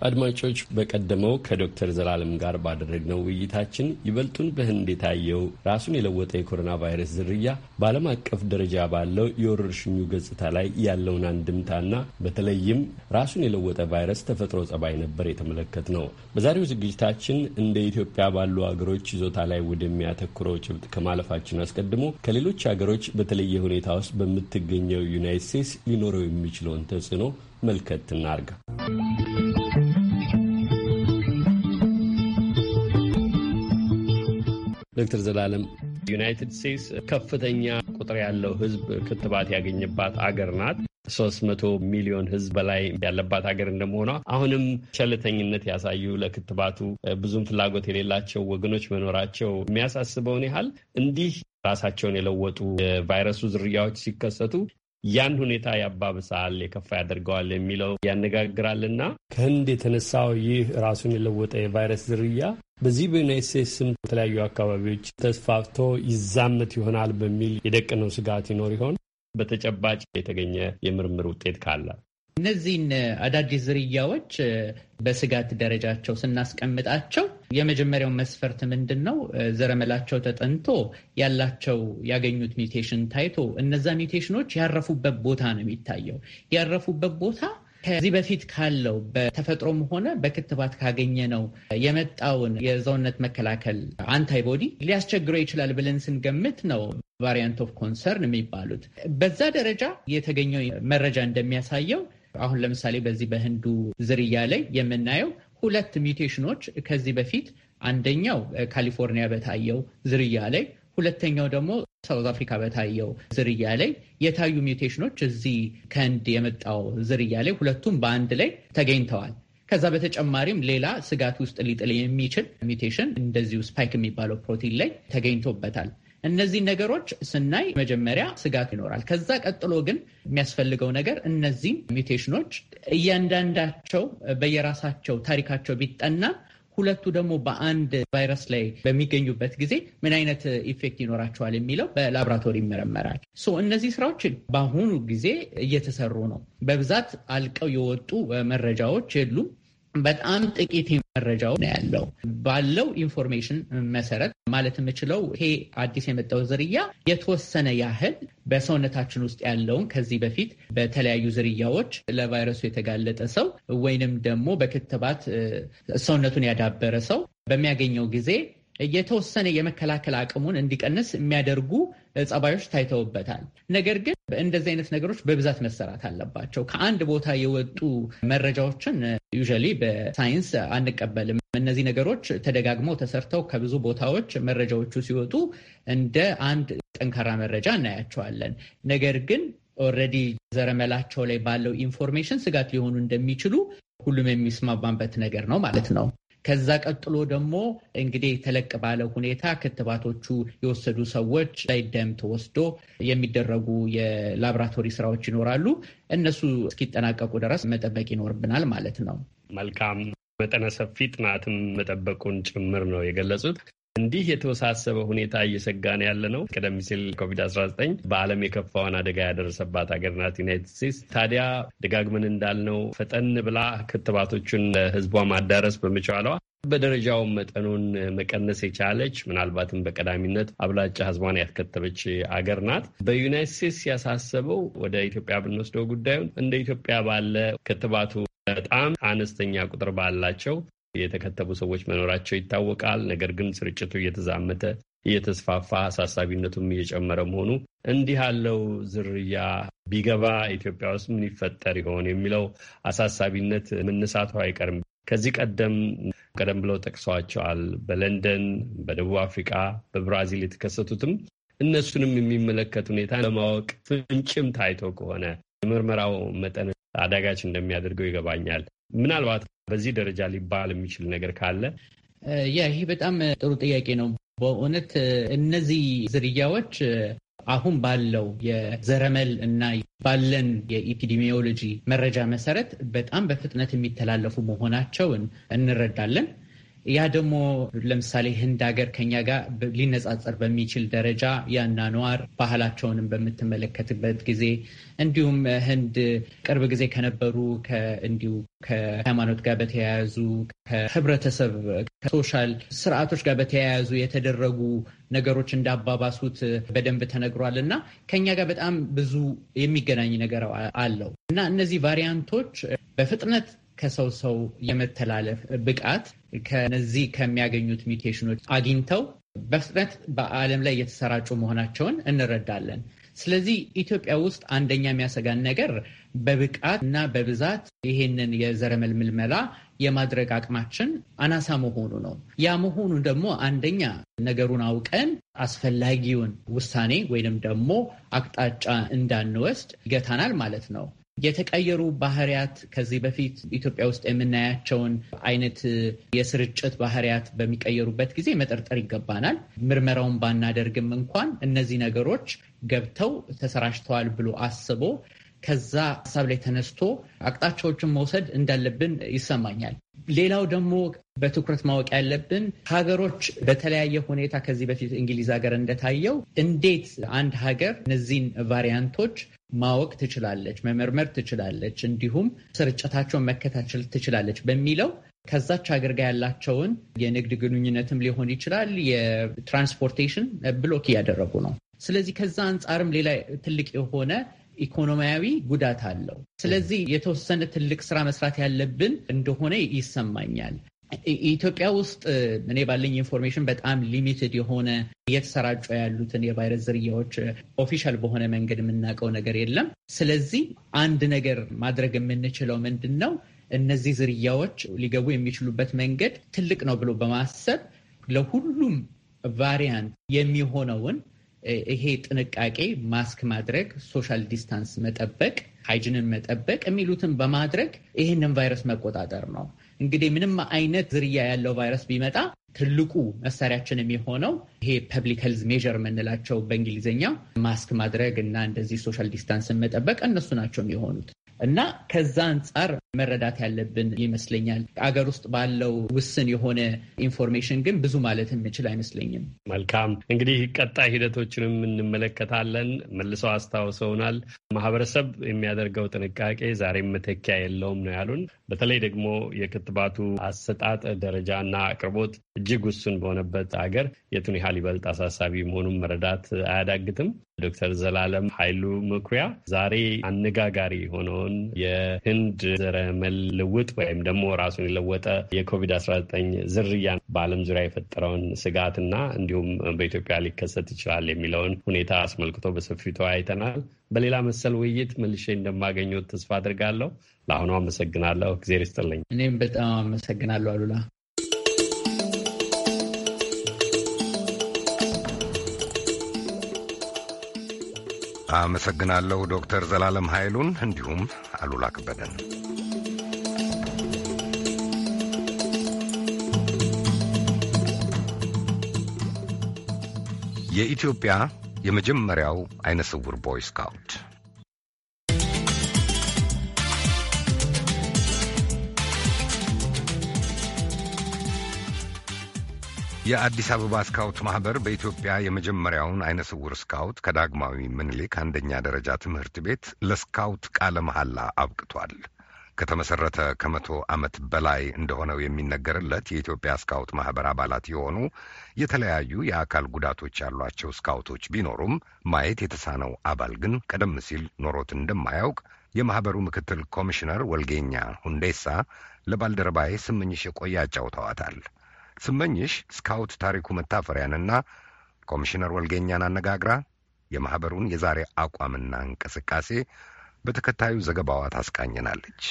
አድማጮች በቀደመው ከዶክተር ዘላለም ጋር ባደረግነው ውይይታችን ይበልጡን በህንድ የታየው ራሱን የለወጠ የኮሮና ቫይረስ ዝርያ በዓለም አቀፍ ደረጃ ባለው የወረርሽኙ ገጽታ ላይ ያለውን አንድምታና በተለይም ራሱን የለወጠ ቫይረስ ተፈጥሮ ጸባይ ነበር የተመለከት ነው። በዛሬው ዝግጅታችን እንደ ኢትዮጵያ ባሉ አገሮች ይዞታ ላይ ወደሚያተኩረው ጭብጥ ከማለፋችን አስቀድሞ ከሌሎች አገሮች በተለየ ሁኔታ ውስጥ በምትገኘው ዩናይት ስቴትስ ሊኖረው የሚችለውን ተጽዕኖ መልከት እናርጋ። ዶክተር ዘላለም ዩናይትድ ስቴትስ ከፍተኛ ቁጥር ያለው ህዝብ ክትባት ያገኘባት አገር ናት። ሶስት መቶ ሚሊዮን ህዝብ በላይ ያለባት ሀገር እንደመሆኗ አሁንም ቸልተኝነት ያሳዩ ለክትባቱ ብዙም ፍላጎት የሌላቸው ወገኖች መኖራቸው የሚያሳስበውን ያህል እንዲህ ራሳቸውን የለወጡ የቫይረሱ ዝርያዎች ሲከሰቱ ያን ሁኔታ ያባብሳል፣ የከፋ ያደርገዋል የሚለው ያነጋግራልና ከህንድ የተነሳው ይህ ራሱን የለወጠ የቫይረስ ዝርያ በዚህ በዩናይት ስቴትስም በተለያዩ አካባቢዎች ተስፋፍቶ ይዛመት ይሆናል በሚል የደቀነው ስጋት ይኖር ይሆን? በተጨባጭ የተገኘ የምርምር ውጤት ካለ እነዚህን አዳዲስ ዝርያዎች በስጋት ደረጃቸው ስናስቀምጣቸው የመጀመሪያው መስፈርት ምንድን ነው? ዘረመላቸው ተጠንቶ ያላቸው ያገኙት ሚውቴሽን ታይቶ እነዛ ሚውቴሽኖች ያረፉበት ቦታ ነው የሚታየው። ያረፉበት ቦታ ከዚህ በፊት ካለው በተፈጥሮም ሆነ በክትባት ካገኘነው የመጣውን የሰውነት መከላከል አንታይቦዲ ሊያስቸግረው ይችላል ብለን ስንገምት ነው ቫሪያንት ኦፍ ኮንሰርን የሚባሉት። በዛ ደረጃ የተገኘው መረጃ እንደሚያሳየው አሁን ለምሳሌ በዚህ በህንዱ ዝርያ ላይ የምናየው ሁለት ሚውቴሽኖች ከዚህ በፊት አንደኛው ካሊፎርኒያ በታየው ዝርያ ላይ ሁለተኛው ደግሞ ሳውዝ አፍሪካ በታየው ዝርያ ላይ የታዩ ሚውቴሽኖች እዚህ ከህንድ የመጣው ዝርያ ላይ ሁለቱም በአንድ ላይ ተገኝተዋል። ከዛ በተጨማሪም ሌላ ስጋት ውስጥ ሊጥል የሚችል ሚውቴሽን እንደዚሁ ስፓይክ የሚባለው ፕሮቲን ላይ ተገኝቶበታል። እነዚህ ነገሮች ስናይ መጀመሪያ ስጋት ይኖራል። ከዛ ቀጥሎ ግን የሚያስፈልገው ነገር እነዚህ ሚውቴሽኖች እያንዳንዳቸው በየራሳቸው ታሪካቸው ቢጠና ሁለቱ ደግሞ በአንድ ቫይረስ ላይ በሚገኙበት ጊዜ ምን አይነት ኢፌክት ይኖራቸዋል የሚለው በላብራቶሪ ይመረመራል። እነዚህ ስራዎች በአሁኑ ጊዜ እየተሰሩ ነው። በብዛት አልቀው የወጡ መረጃዎች የሉም። በጣም ጥቂት መረጃው ነው ያለው። ባለው ኢንፎርሜሽን መሰረት ማለት የምችለው ይሄ አዲስ የመጣው ዝርያ የተወሰነ ያህል በሰውነታችን ውስጥ ያለውን ከዚህ በፊት በተለያዩ ዝርያዎች ለቫይረሱ የተጋለጠ ሰው ወይንም ደግሞ በክትባት ሰውነቱን ያዳበረ ሰው በሚያገኘው ጊዜ የተወሰነ የመከላከል አቅሙን እንዲቀንስ የሚያደርጉ ጸባዮች ታይተውበታል። ነገር ግን እንደዚህ አይነት ነገሮች በብዛት መሰራት አለባቸው። ከአንድ ቦታ የወጡ መረጃዎችን ዩዥዋሊ በሳይንስ አንቀበልም። እነዚህ ነገሮች ተደጋግመው ተሰርተው ከብዙ ቦታዎች መረጃዎቹ ሲወጡ እንደ አንድ ጠንካራ መረጃ እናያቸዋለን። ነገር ግን ኦልሬዲ ዘረመላቸው ላይ ባለው ኢንፎርሜሽን ስጋት ሊሆኑ እንደሚችሉ ሁሉም የሚስማማበት ነገር ነው ማለት ነው። ከዛ ቀጥሎ ደግሞ እንግዲህ ተለቅ ባለ ሁኔታ ክትባቶቹ የወሰዱ ሰዎች ላይ ደም ተወስዶ የሚደረጉ የላብራቶሪ ስራዎች ይኖራሉ። እነሱ እስኪጠናቀቁ ድረስ መጠበቅ ይኖርብናል ማለት ነው። መልካም መጠነ ሰፊ ጥናትን መጠበቁን ጭምር ነው የገለጹት። እንዲህ የተወሳሰበ ሁኔታ ነው ያለ ነው። ቀደም ሲል ኮቪድ-19 በዓለም የከፋውን አደጋ ያደረሰባት ሀገር ናት ዩናይትድ ስቴትስ። ታዲያ ደጋግመን እንዳልነው ፈጠን ብላ ክትባቶቹን ለሕዝቧ ማዳረስ በመቻሏ በደረጃው መጠኑን መቀነስ የቻለች ምናልባትም በቀዳሚነት አብላጫ ህዝቧን ያስከተበች አገር ናት። በዩናይት ስቴትስ ያሳሰበው ወደ ኢትዮጵያ ብንወስደው ጉዳዩን እንደ ኢትዮጵያ ባለ ክትባቱ በጣም አነስተኛ ቁጥር ባላቸው የተከተቡ ሰዎች መኖራቸው ይታወቃል። ነገር ግን ስርጭቱ እየተዛመተ እየተስፋፋ አሳሳቢነቱም እየጨመረ መሆኑ እንዲህ ያለው ዝርያ ቢገባ ኢትዮጵያ ውስጥ ምን ይፈጠር ይሆን የሚለው አሳሳቢነት መነሳቱ አይቀርም። ከዚህ ቀደም ቀደም ብለው ጠቅሰዋቸዋል። በለንደን፣ በደቡብ አፍሪካ፣ በብራዚል የተከሰቱትም እነሱንም የሚመለከት ሁኔታ ለማወቅ ፍንጭም ታይቶ ከሆነ የምርመራው መጠን አዳጋች እንደሚያደርገው ይገባኛል። ምናልባት በዚህ ደረጃ ሊባል የሚችል ነገር ካለ ያ ይሄ በጣም ጥሩ ጥያቄ ነው። በእውነት እነዚህ ዝርያዎች አሁን ባለው የዘረመል እና ባለን የኢፒዲሚዮሎጂ መረጃ መሰረት በጣም በፍጥነት የሚተላለፉ መሆናቸውን እንረዳለን። ያ ደግሞ ለምሳሌ ህንድ ሀገር ከኛ ጋር ሊነጻጸር በሚችል ደረጃ ያናኗር ባህላቸውንም በምትመለከትበት ጊዜ እንዲሁም ህንድ ቅርብ ጊዜ ከነበሩ እንዲሁ ከሃይማኖት ጋር በተያያዙ ከህብረተሰብ ከሶሻል ስርዓቶች ጋር በተያያዙ የተደረጉ ነገሮች እንዳባባሱት በደንብ ተነግሯል እና ከኛ ጋር በጣም ብዙ የሚገናኝ ነገር አለው እና እነዚህ ቫሪያንቶች በፍጥነት ከሰው ሰው የመተላለፍ ብቃት ከነዚህ ከሚያገኙት ሚውቴሽኖች አግኝተው በፍጥነት በዓለም ላይ እየተሰራጩ መሆናቸውን እንረዳለን። ስለዚህ ኢትዮጵያ ውስጥ አንደኛ የሚያሰጋን ነገር በብቃት እና በብዛት ይሄንን የዘረመል ምልመላ የማድረግ አቅማችን አናሳ መሆኑ ነው። ያ መሆኑ ደግሞ አንደኛ ነገሩን አውቀን አስፈላጊውን ውሳኔ ወይንም ደግሞ አቅጣጫ እንዳንወስድ ይገታናል ማለት ነው። የተቀየሩ ባህሪያት ከዚህ በፊት ኢትዮጵያ ውስጥ የምናያቸውን አይነት የስርጭት ባህሪያት በሚቀየሩበት ጊዜ መጠርጠር ይገባናል። ምርመራውን ባናደርግም እንኳን እነዚህ ነገሮች ገብተው ተሰራጭተዋል ብሎ አስቦ ከዛ ሀሳብ ላይ ተነስቶ አቅጣጫዎችን መውሰድ እንዳለብን ይሰማኛል። ሌላው ደግሞ በትኩረት ማወቅ ያለብን ሀገሮች በተለያየ ሁኔታ ከዚህ በፊት እንግሊዝ ሀገር እንደታየው እንዴት አንድ ሀገር እነዚህን ቫሪያንቶች ማወቅ ትችላለች፣ መመርመር ትችላለች፣ እንዲሁም ስርጭታቸውን መከታተል ትችላለች በሚለው ከዛች ሀገር ጋር ያላቸውን የንግድ ግንኙነትም ሊሆን ይችላል የትራንስፖርቴሽን ብሎክ እያደረጉ ነው። ስለዚህ ከዛ አንጻርም ሌላ ትልቅ የሆነ ኢኮኖሚያዊ ጉዳት አለው። ስለዚህ የተወሰነ ትልቅ ስራ መስራት ያለብን እንደሆነ ይሰማኛል። ኢትዮጵያ ውስጥ እኔ ባለኝ ኢንፎርሜሽን በጣም ሊሚትድ የሆነ እየተሰራጩ ያሉትን የቫይረስ ዝርያዎች ኦፊሻል በሆነ መንገድ የምናውቀው ነገር የለም። ስለዚህ አንድ ነገር ማድረግ የምንችለው ምንድን ነው? እነዚህ ዝርያዎች ሊገቡ የሚችሉበት መንገድ ትልቅ ነው ብሎ በማሰብ ለሁሉም ቫሪያንት የሚሆነውን ይሄ ጥንቃቄ ማስክ ማድረግ፣ ሶሻል ዲስታንስ መጠበቅ፣ ሃይጅንን መጠበቅ የሚሉትን በማድረግ ይህንን ቫይረስ መቆጣጠር ነው። እንግዲህ ምንም አይነት ዝርያ ያለው ቫይረስ ቢመጣ ትልቁ መሳሪያችን የሚሆነው ይሄ ፐብሊክ ሄልዝ ሜዥር የምንላቸው በእንግሊዝኛ ማስክ ማድረግ እና እንደዚህ ሶሻል ዲስታንስን መጠበቅ እነሱ ናቸው የሚሆኑት። እና ከዛ አንጻር መረዳት ያለብን ይመስለኛል። አገር ውስጥ ባለው ውስን የሆነ ኢንፎርሜሽን ግን ብዙ ማለት የምችል አይመስለኝም። መልካም እንግዲህ ቀጣይ ሂደቶችንም እንመለከታለን። መልሰው አስታውሰውናል። ማህበረሰብ የሚያደርገው ጥንቃቄ ዛሬም መተኪያ የለውም ነው ያሉን። በተለይ ደግሞ የክትባቱ አሰጣጥ ደረጃና አቅርቦት እጅግ ውሱን በሆነበት አገር የቱን ያህል ይበልጥ አሳሳቢ መሆኑን መረዳት አያዳግትም። ዶክተር ዘላለም ኃይሉ መኩሪያ ዛሬ አነጋጋሪ የሆነውን የህንድ ዘረ መለውጥ ወይም ደግሞ ራሱን የለወጠ የኮቪድ-19 ዝርያ በዓለም ዙሪያ የፈጠረውን ስጋትና እንዲሁም በኢትዮጵያ ሊከሰት ይችላል የሚለውን ሁኔታ አስመልክቶ በሰፊው ተወያይተናል። በሌላ መሰል ውይይት መልሼ እንደማገኘት ተስፋ አድርጋለሁ። ለአሁኑ አመሰግናለሁ። እግዜር ይስጥልኝ። እኔም በጣም አመሰግናለሁ አሉላ። አመሰግናለሁ ዶክተር ዘላለም ኃይሉን እንዲሁም አሉላ ከበደን። የኢትዮጵያ የመጀመሪያው አይነ ስውር ቦይ ስካውት የአዲስ አበባ ስካውት ማህበር በኢትዮጵያ የመጀመሪያውን አይነ ስውር ስካውት ከዳግማዊ ምኒልክ አንደኛ ደረጃ ትምህርት ቤት ለስካውት ቃለ መሐላ አብቅቷል። ከተመሠረተ ከመቶ ዓመት በላይ እንደሆነው የሚነገርለት የኢትዮጵያ ስካውት ማኅበር አባላት የሆኑ የተለያዩ የአካል ጉዳቶች ያሏቸው ስካውቶች ቢኖሩም ማየት የተሳነው አባል ግን ቀደም ሲል ኖሮት እንደማያውቅ የማኅበሩ ምክትል ኮሚሽነር ወልጌኛ ሁንዴሳ ለባልደረባዬ ስምኝሽ የቆየ አጫውተዋታል። ስመኝሽ ስካውት ታሪኩ መታፈሪያንና ኮሚሽነር ወልገኛን አነጋግራ የማኅበሩን የዛሬ አቋምና እንቅስቃሴ በተከታዩ ዘገባዋ ታስቃኝናለች።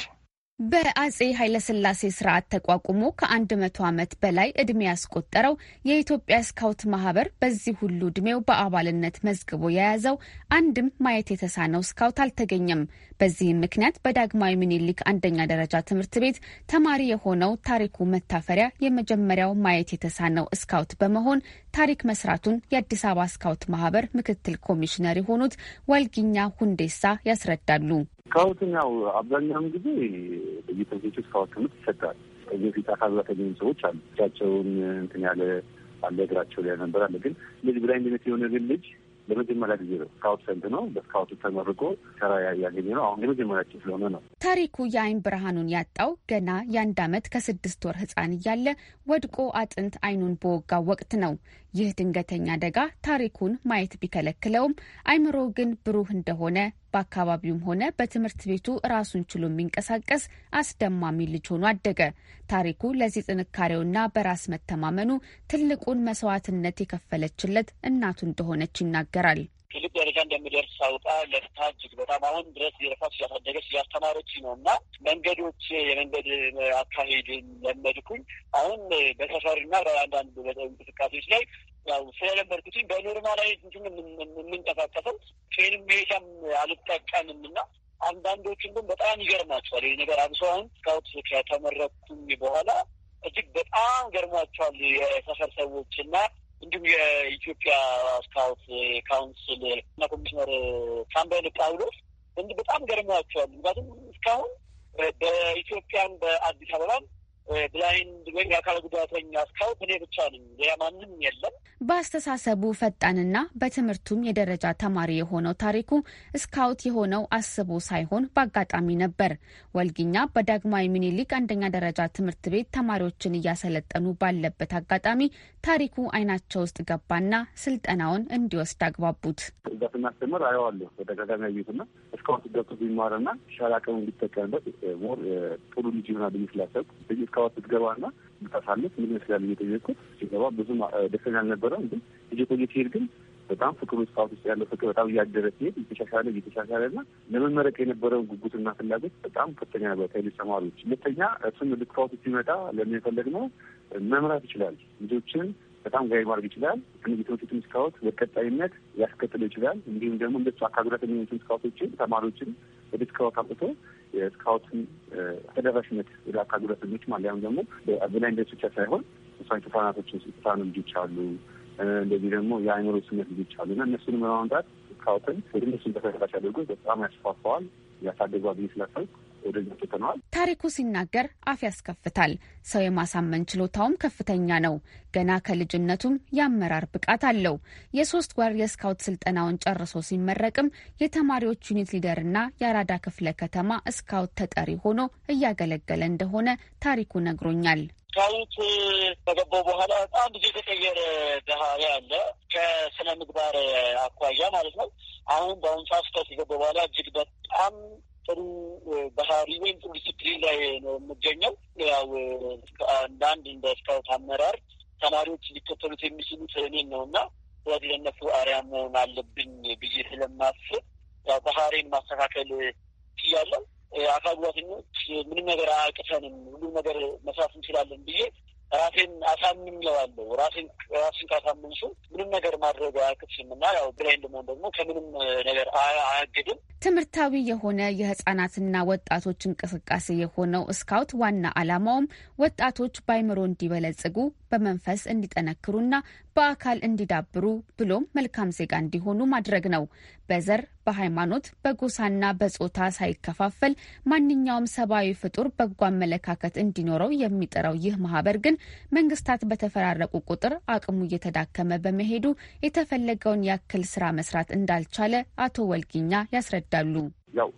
በአጼ ኃይለሥላሴ ስርዓት ተቋቁሞ ከአንድ መቶ ዓመት በላይ ዕድሜ ያስቆጠረው የኢትዮጵያ ስካውት ማህበር በዚህ ሁሉ ዕድሜው በአባልነት መዝግቦ የያዘው አንድም ማየት የተሳነው ስካውት አልተገኘም። በዚህም ምክንያት በዳግማዊ ምኒልክ አንደኛ ደረጃ ትምህርት ቤት ተማሪ የሆነው ታሪኩ መታፈሪያ የመጀመሪያው ማየት የተሳነው ስካውት በመሆን ታሪክ መስራቱን የአዲስ አበባ ስካውት ማህበር ምክትል ኮሚሽነር የሆኑት ወልጊኛ ሁንዴሳ ያስረዳሉ። ስካውትን ያው አብዛኛውን ጊዜ በየትምህርት ቤቱ ስካውት ትምህርት ይሰጣል። ከዚህ በፊት አካል ጉዳተኛ ሰዎች አሉ። እጃቸውን እንትን ያለ አለ፣ እግራቸው ላይ ነበር አለ። ግን ልጅ ብላይንድነት የሆነ ግን ልጅ ለመጀመሪያ ጊዜ ነው ስካውት ሰንት ነው በስካውቱ ተመርቆ ስራ ያገኘ ነው። አሁን የመጀመሪያችን ስለሆነ ነው። ታሪኩ የአይን ብርሃኑን ያጣው ገና የአንድ አመት ከስድስት ወር ህፃን እያለ ወድቆ አጥንት አይኑን በወጋው ወቅት ነው። ይህ ድንገተኛ አደጋ ታሪኩን ማየት ቢከለክለውም አይምሮ ግን ብሩህ እንደሆነ በአካባቢውም ሆነ በትምህርት ቤቱ ራሱን ችሎ የሚንቀሳቀስ አስደማሚ ልጅ ሆኖ አደገ። ታሪኩ ለዚህ ጥንካሬውና በራስ መተማመኑ ትልቁን መስዋዕትነት የከፈለችለት እናቱ እንደሆነች ይናገራል። ትልቅ ደረጃ እንደሚደርስ አውቃ ለፍታ እጅግ በጣም አሁን ድረስ ሊረፋት እያሳደገች እያስተማረች ነው እና መንገዶች የመንገድ አካሄድ ለመድኩኝ። አሁን በሰፈርና በአንዳንድ እንቅስቃሴዎች ላይ ያው ስለለመድኩትኝ በኖርማላዊ እንትን የምንቀሳቀሰው ፌንም መሄጃም አልጠቀምም እና አንዳንዶችን ግን በጣም ይገርማቸዋል ይህ ነገር አብሶ አሁን ስካውት ከተመረኩኝ በኋላ እጅግ በጣም ገርሟቸዋል የሰፈር ሰዎች እና እንዲሁም የኢትዮጵያ ስካውት ካውንስል እና ኮሚሽነር ሳምበል ጳውሎስ እንዲህ በጣም ገርመዋቸዋል። ምክንያቱም እስካሁን በኢትዮጵያን በአዲስ አበባን ብላይንድ ወይም የአካል ጉዳተኛ ስካውት እኔ ብቻ ነኝ፣ ሌላ ማንም የለም። በአስተሳሰቡ ፈጣንና በትምህርቱም የደረጃ ተማሪ የሆነው ታሪኩ ስካውት የሆነው አስቦ ሳይሆን በአጋጣሚ ነበር። ወልጊኛ በዳግማዊ ምኒልክ አንደኛ ደረጃ ትምህርት ቤት ተማሪዎችን እያሰለጠኑ ባለበት አጋጣሚ ታሪኩ አይናቸው ውስጥ ገባና ስልጠናውን እንዲወስድ አግባቡት። በስናስተምር አየዋለሁ በተጋጋሚ ያዩትና እስካሁን ገብቶ ቢማርና ሻላቀሙ እንዲጠቀምበት ሞር ጥሩ ልጅ ይሆናል ብዬ ስላሰብኩ አካባቢ ና ብታሳልፍ ምን ይመስላል እየጠየቅኩት ሲገባ ብዙም ደስተኛ አልነበረም። ግን እየቆየ ሲሄድ ግን በጣም ፍቅሩ ስፋት ውስጥ ያለው ፍቅር በጣም እያደረ ሲሄድ እየተሻሻለ እየተሻሻለ ና ለመመረቅ የነበረው ጉጉትና ፍላጎት በጣም ከፍተኛ ነበር ከሌሎች ተማሪዎች። ሁለተኛ እሱም ልክፋቱ ሲመጣ ለሚፈለግ ነው መምራት ይችላል ልጆችን በጣም ጋይ ማድረግ ይችላል። እነዚህ ትምህርቱን ስካውት በቀጣይነት ሊያስከትለው ይችላል። እንዲሁም ደግሞ እንደሱ አካል ጉዳተኛ ስካውቶችን ተማሪዎችን ወደ ስካውት አምጥቶ የስካውትን ተደራሽነት ወደ አካል ጉዳተኞች ማሊያም ደግሞ በብላይንድነስ ብቻ ሳይሆን እሷን ተሳናቶች ተሳኑ ልጆች አሉ። እንደዚህ ደግሞ የአእምሮ ስነት ልጆች አሉ እና እነሱን ለማምጣት ስካውትን ወደ እነሱን ተደራሽ አድርጎ በጣም ያስፋፋዋል ያሳደጓ ብዬ ስላሰብኩ ወደዛ ትተነዋል። ታሪኩ ሲናገር አፍ ያስከፍታል። ሰው የማሳመን ችሎታውም ከፍተኛ ነው። ገና ከልጅነቱም የአመራር ብቃት አለው። የሶስት ወር የስካውት ስልጠናውን ጨርሶ ሲመረቅም የተማሪዎች ዩኒት ሊደርና የአራዳ ክፍለ ከተማ ስካውት ተጠሪ ሆኖ እያገለገለ እንደሆነ ታሪኩ ነግሮኛል። ስካውት ከገባው በኋላ በጣም ብዙ የተቀየረ ባህሪ አለ። ከስነ ምግባር አኳያ ማለት ነው። አሁን በአሁን ሰዓት ስካውት የገባ በኋላ እጅግ በጣም ጥሩ ባህሪ ወይም ጥሩ ዲስፕሊን ላይ ነው የምገኘው። ያው አንዳንድ እንደ ስካውት አመራር ተማሪዎች ሊከተሉት የሚችሉት እኔን ነው እና ስለዚህ ለእነሱ አርያ መሆን አለብኝ ብዬ ስለማስብ ያው ባህሪን ማስተካከል ችያለሁ። አካል ጉዳተኞች ምንም ነገር አያቅተንም፣ ሁሉም ነገር መስራት እንችላለን ብዬ ራሴን አሳምን ለዋለሁ ራሴን ራሴን ካሳምን ሱ ምንም ነገር ማድረግ አያክትሽም እና ያው ብላይንድ መሆን ደግሞ ከምንም ነገር አያግድም። ትምህርታዊ የሆነ የህጻናትና ወጣቶች እንቅስቃሴ የሆነው ስካውት ዋና ዓላማውም ወጣቶች በአይምሮ እንዲበለጽጉ በመንፈስ እንዲጠነክሩና በአካል እንዲዳብሩ ብሎም መልካም ዜጋ እንዲሆኑ ማድረግ ነው። በዘር በሃይማኖት፣ በጎሳና በጾታ ሳይከፋፈል ማንኛውም ሰብአዊ ፍጡር በጎ አመለካከት እንዲኖረው የሚጠራው ይህ ማህበር ግን መንግስታት በተፈራረቁ ቁጥር አቅሙ እየተዳከመ በመሄዱ የተፈለገውን ያክል ስራ መስራት እንዳልቻለ አቶ ወልጊኛ ያስረዳሉ። ያው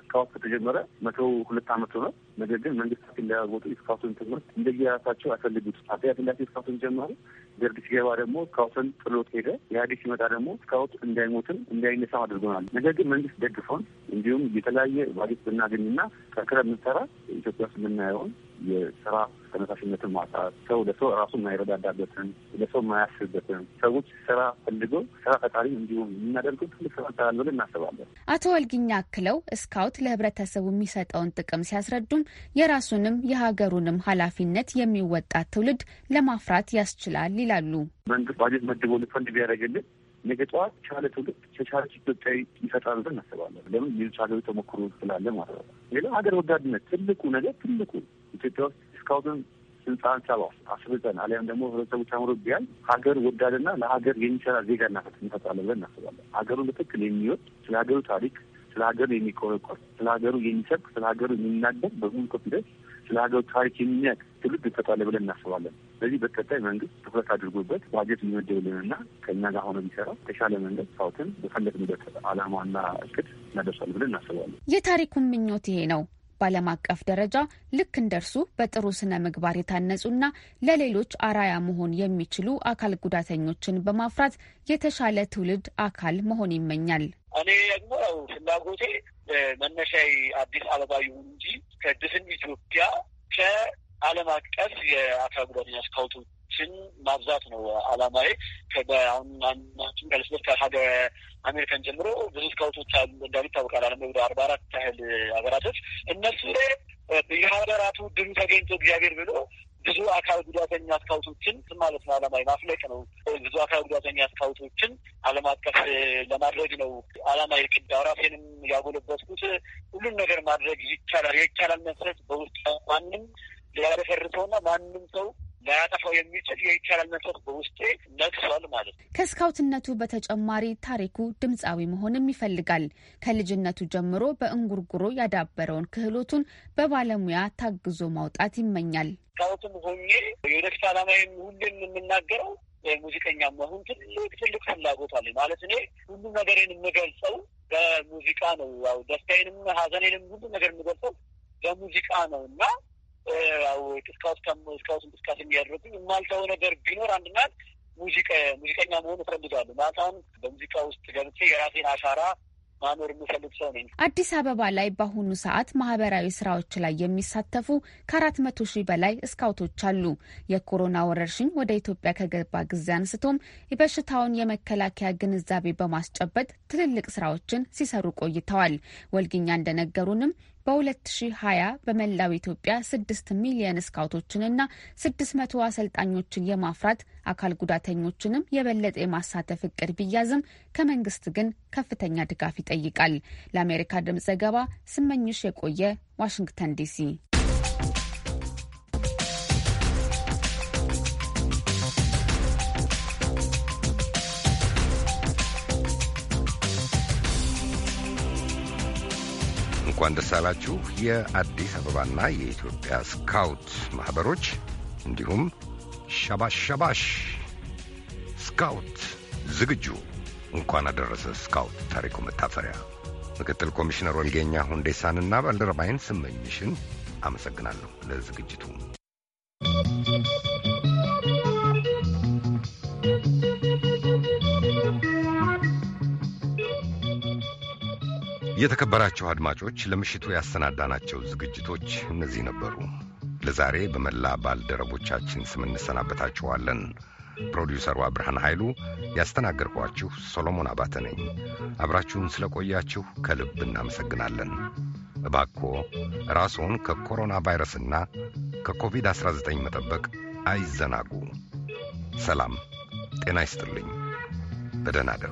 እስካሁን ከተጀመረ መቶ ሁለት አመት ነው። ነገር ግን መንግስታት እንዳያወጡ የስካውትን ትምህርት እንደየራሳቸው ያፈልጉት አፄ ኃይለሥላሴ ስካውትን ጀመሩ። ደርግ ሲገባ ደግሞ ስካውትን ጥሎት ሄደ። ኢህአዴግ ሲመጣ ደግሞ ስካውት እንዳይሞትን እንዳይነሳም አድርጎናል። ነገር ግን መንግስት ደግፎን እንዲሁም የተለያየ ባጀት ብናገኝና ጠንክረን ብንሰራ ኢትዮጵያ ውስጥ የምናየውን የስራ ተነሳሽነትን ማጣት፣ ሰው ለሰው ራሱ የማይረዳዳበትን ለሰው የማያስብበትን ሰዎች ስራ ፈልገው ስራ ፈጣሪ እንዲሁም የምናደርገው ትልቅ ስራ ይሰራል ብለን እናስባለን። አቶ ወልግኛ አክለው እስካውት ለህብረተሰቡ የሚሰጠውን ጥቅም ሲያስረዱም የራሱንም የሀገሩንም ኃላፊነት የሚወጣ ትውልድ ለማፍራት ያስችላል ይላሉ። መንግስት ባጀት መድቦ ልፈንድ ቢያደርግልን ነገ ጠዋት ቻለ ትውልድ ተቻለች ኢትዮጵያዊ ይፈጥራል ብለን እናስባለን። ለምን ሌሎች ሀገሮች ተሞክሮ ስላለ ማለት ነው። ሌላ ሀገር ወዳድነት ትልቁ ነገር ትልቁ ኢትዮጵያ ውስጥ እስካሁን ስንጻ አንሳባው አስብጠን አሊያም ደግሞ ህብረተሰቡ ተምሮ ቢያል ሀገር ወዳድና ለሀገር የሚሰራ ዜጋ እናፈት እንፈጣለን ብለን እናስባለን። ሀገሩን በትክክል የሚወድ ስለ ሀገሩ ታሪክ፣ ስለ ሀገሩ የሚቆረቆር፣ ስለ ሀገሩ የሚሰብክ፣ ስለ ሀገሩ የሚናገር በሙሉ ኮንፊደንስ ስለ ሀገሩ ታሪክ የሚያቅ ትውልድ እንፈጣለን ብለን እናስባለን። ስለዚህ በቀጣይ መንግስት ትኩረት አድርጎበት ባጀት ሊመደብልንና ከእኛ ጋር ሆነ የሚሰራ የተሻለ መንገድ ሳውትን በፈለግንበት አላማና እቅድ እናደርሳለን ብለን እናስባለን። የታሪኩን ምኞት ይሄ ነው። በዓለም አቀፍ ደረጃ ልክ እንደርሱ በጥሩ ስነ ምግባር የታነጹና ለሌሎች አራያ መሆን የሚችሉ አካል ጉዳተኞችን በማፍራት የተሻለ ትውልድ አካል መሆን ይመኛል። እኔ ደግሞ ፍላጎቴ መነሻዬ አዲስ አበባ ይሁን እንጂ ከድፍን ኢትዮጵያ ከዓለም አቀፍ የአካል ጉዳተኛ ስካውቶችን ማብዛት ነው አላማዬ። በአሁን አንዳችን ከለስበት ከሀገ አሜሪካን ጀምሮ ብዙ ስካውቶች አሉ እንዳሉ ይታወቃል። ዓለም ወደ አርባ አራት ያህል ሀገራቶች እነሱ ላይ የሀገራቱ ድም ተገኝቶ እግዚአብሔር ብሎ ብዙ አካል ጉዳተኛ ስካውቶችን ማለት ነው ዓላማ ማፍለቅ ነው። ብዙ አካል ጉዳተኛ ስካውቶችን አለም አቀፍ ለማድረግ ነው አላማ የቅዳ ራሴንም ያጎለበትኩት ሁሉም ነገር ማድረግ ይቻላል። የይቻላል መሰረት በውስጥ ማንም ያደፈርሰውና ማንም ሰው ሊያጠፋው የሚችል የይቻላል መንፈስ በውስጤ ነግሷል ማለት ነው። ከስካውትነቱ በተጨማሪ ታሪኩ ድምፃዊ መሆንም ይፈልጋል። ከልጅነቱ ጀምሮ በእንጉርጉሮ ያዳበረውን ክህሎቱን በባለሙያ ታግዞ ማውጣት ይመኛል። ስካውትም ሆኜ የወደፊት ዓላማዬም ሁሌም የምናገረው ሙዚቀኛ መሆን ትልቅ ትልቅ ፍላጎት አለ ማለት እኔ ሁሉ ነገሬን የምገልጸው በሙዚቃ ነው። ያው ደስታዬንም ሀዘኔንም ሁሉ ነገር የምገልጸው በሙዚቃ ነው እና ስካውት ስካውት እንቅስቃሴ የሚያደርጉ የማልተው ነገር ቢኖር አንድና ሙዚቃ ሙዚቀኛ መሆን እፈልጋለሁ። ማለት በሙዚቃ ውስጥ ገብቼ የራሴን አሻራ ማኖር የምፈልግ ሰው ነኝ። አዲስ አበባ ላይ በአሁኑ ሰዓት ማህበራዊ ስራዎች ላይ የሚሳተፉ ከአራት መቶ ሺህ በላይ እስካውቶች አሉ። የኮሮና ወረርሽኝ ወደ ኢትዮጵያ ከገባ ጊዜ አንስቶም የበሽታውን የመከላከያ ግንዛቤ በማስጨበጥ ትልልቅ ስራዎችን ሲሰሩ ቆይተዋል። ወልግኛ እንደነገሩንም በ2020 በመላው ኢትዮጵያ 6 ሚሊየን ስካውቶችንና 600 አሰልጣኞችን የማፍራት አካል ጉዳተኞችንም የበለጠ የማሳተፍ እቅድ ቢያዝም ከመንግስት ግን ከፍተኛ ድጋፍ ይጠይቃል። ለአሜሪካ ድምፅ ዘገባ ስመኝሽ የቆየ ዋሽንግተን ዲሲ እንኳን ደስ አላችሁ። የአዲስ አበባና የኢትዮጵያ ስካውት ማኅበሮች እንዲሁም ሸባሽሸባሽ ስካውት ዝግጁ እንኳን አደረሰ ስካውት ታሪኩ መታፈሪያ ምክትል ኮሚሽነር ወልጌኛ ሁንዴሳንና ባልደረባይን ስመኝሽን አመሰግናለሁ ለዝግጅቱ። የተከበራቸው አድማጮች ለምሽቱ ያሰናዳናቸው ዝግጅቶች እነዚህ ነበሩ። ለዛሬ በመላ ባልደረቦቻችን ስም እንሰናበታችኋለን። ፕሮዲውሰሯ ብርሃን ኃይሉ፣ ያስተናገርኳችሁ ሶሎሞን አባተ ነኝ። አብራችሁን ስለቆያችሁ ከልብ እናመሰግናለን። እባክዎ ራስዎን ከኮሮና ቫይረስና ከኮቪድ-19 መጠበቅ አይዘናጉ። ሰላም ጤና ይስጥልኝ። በደህና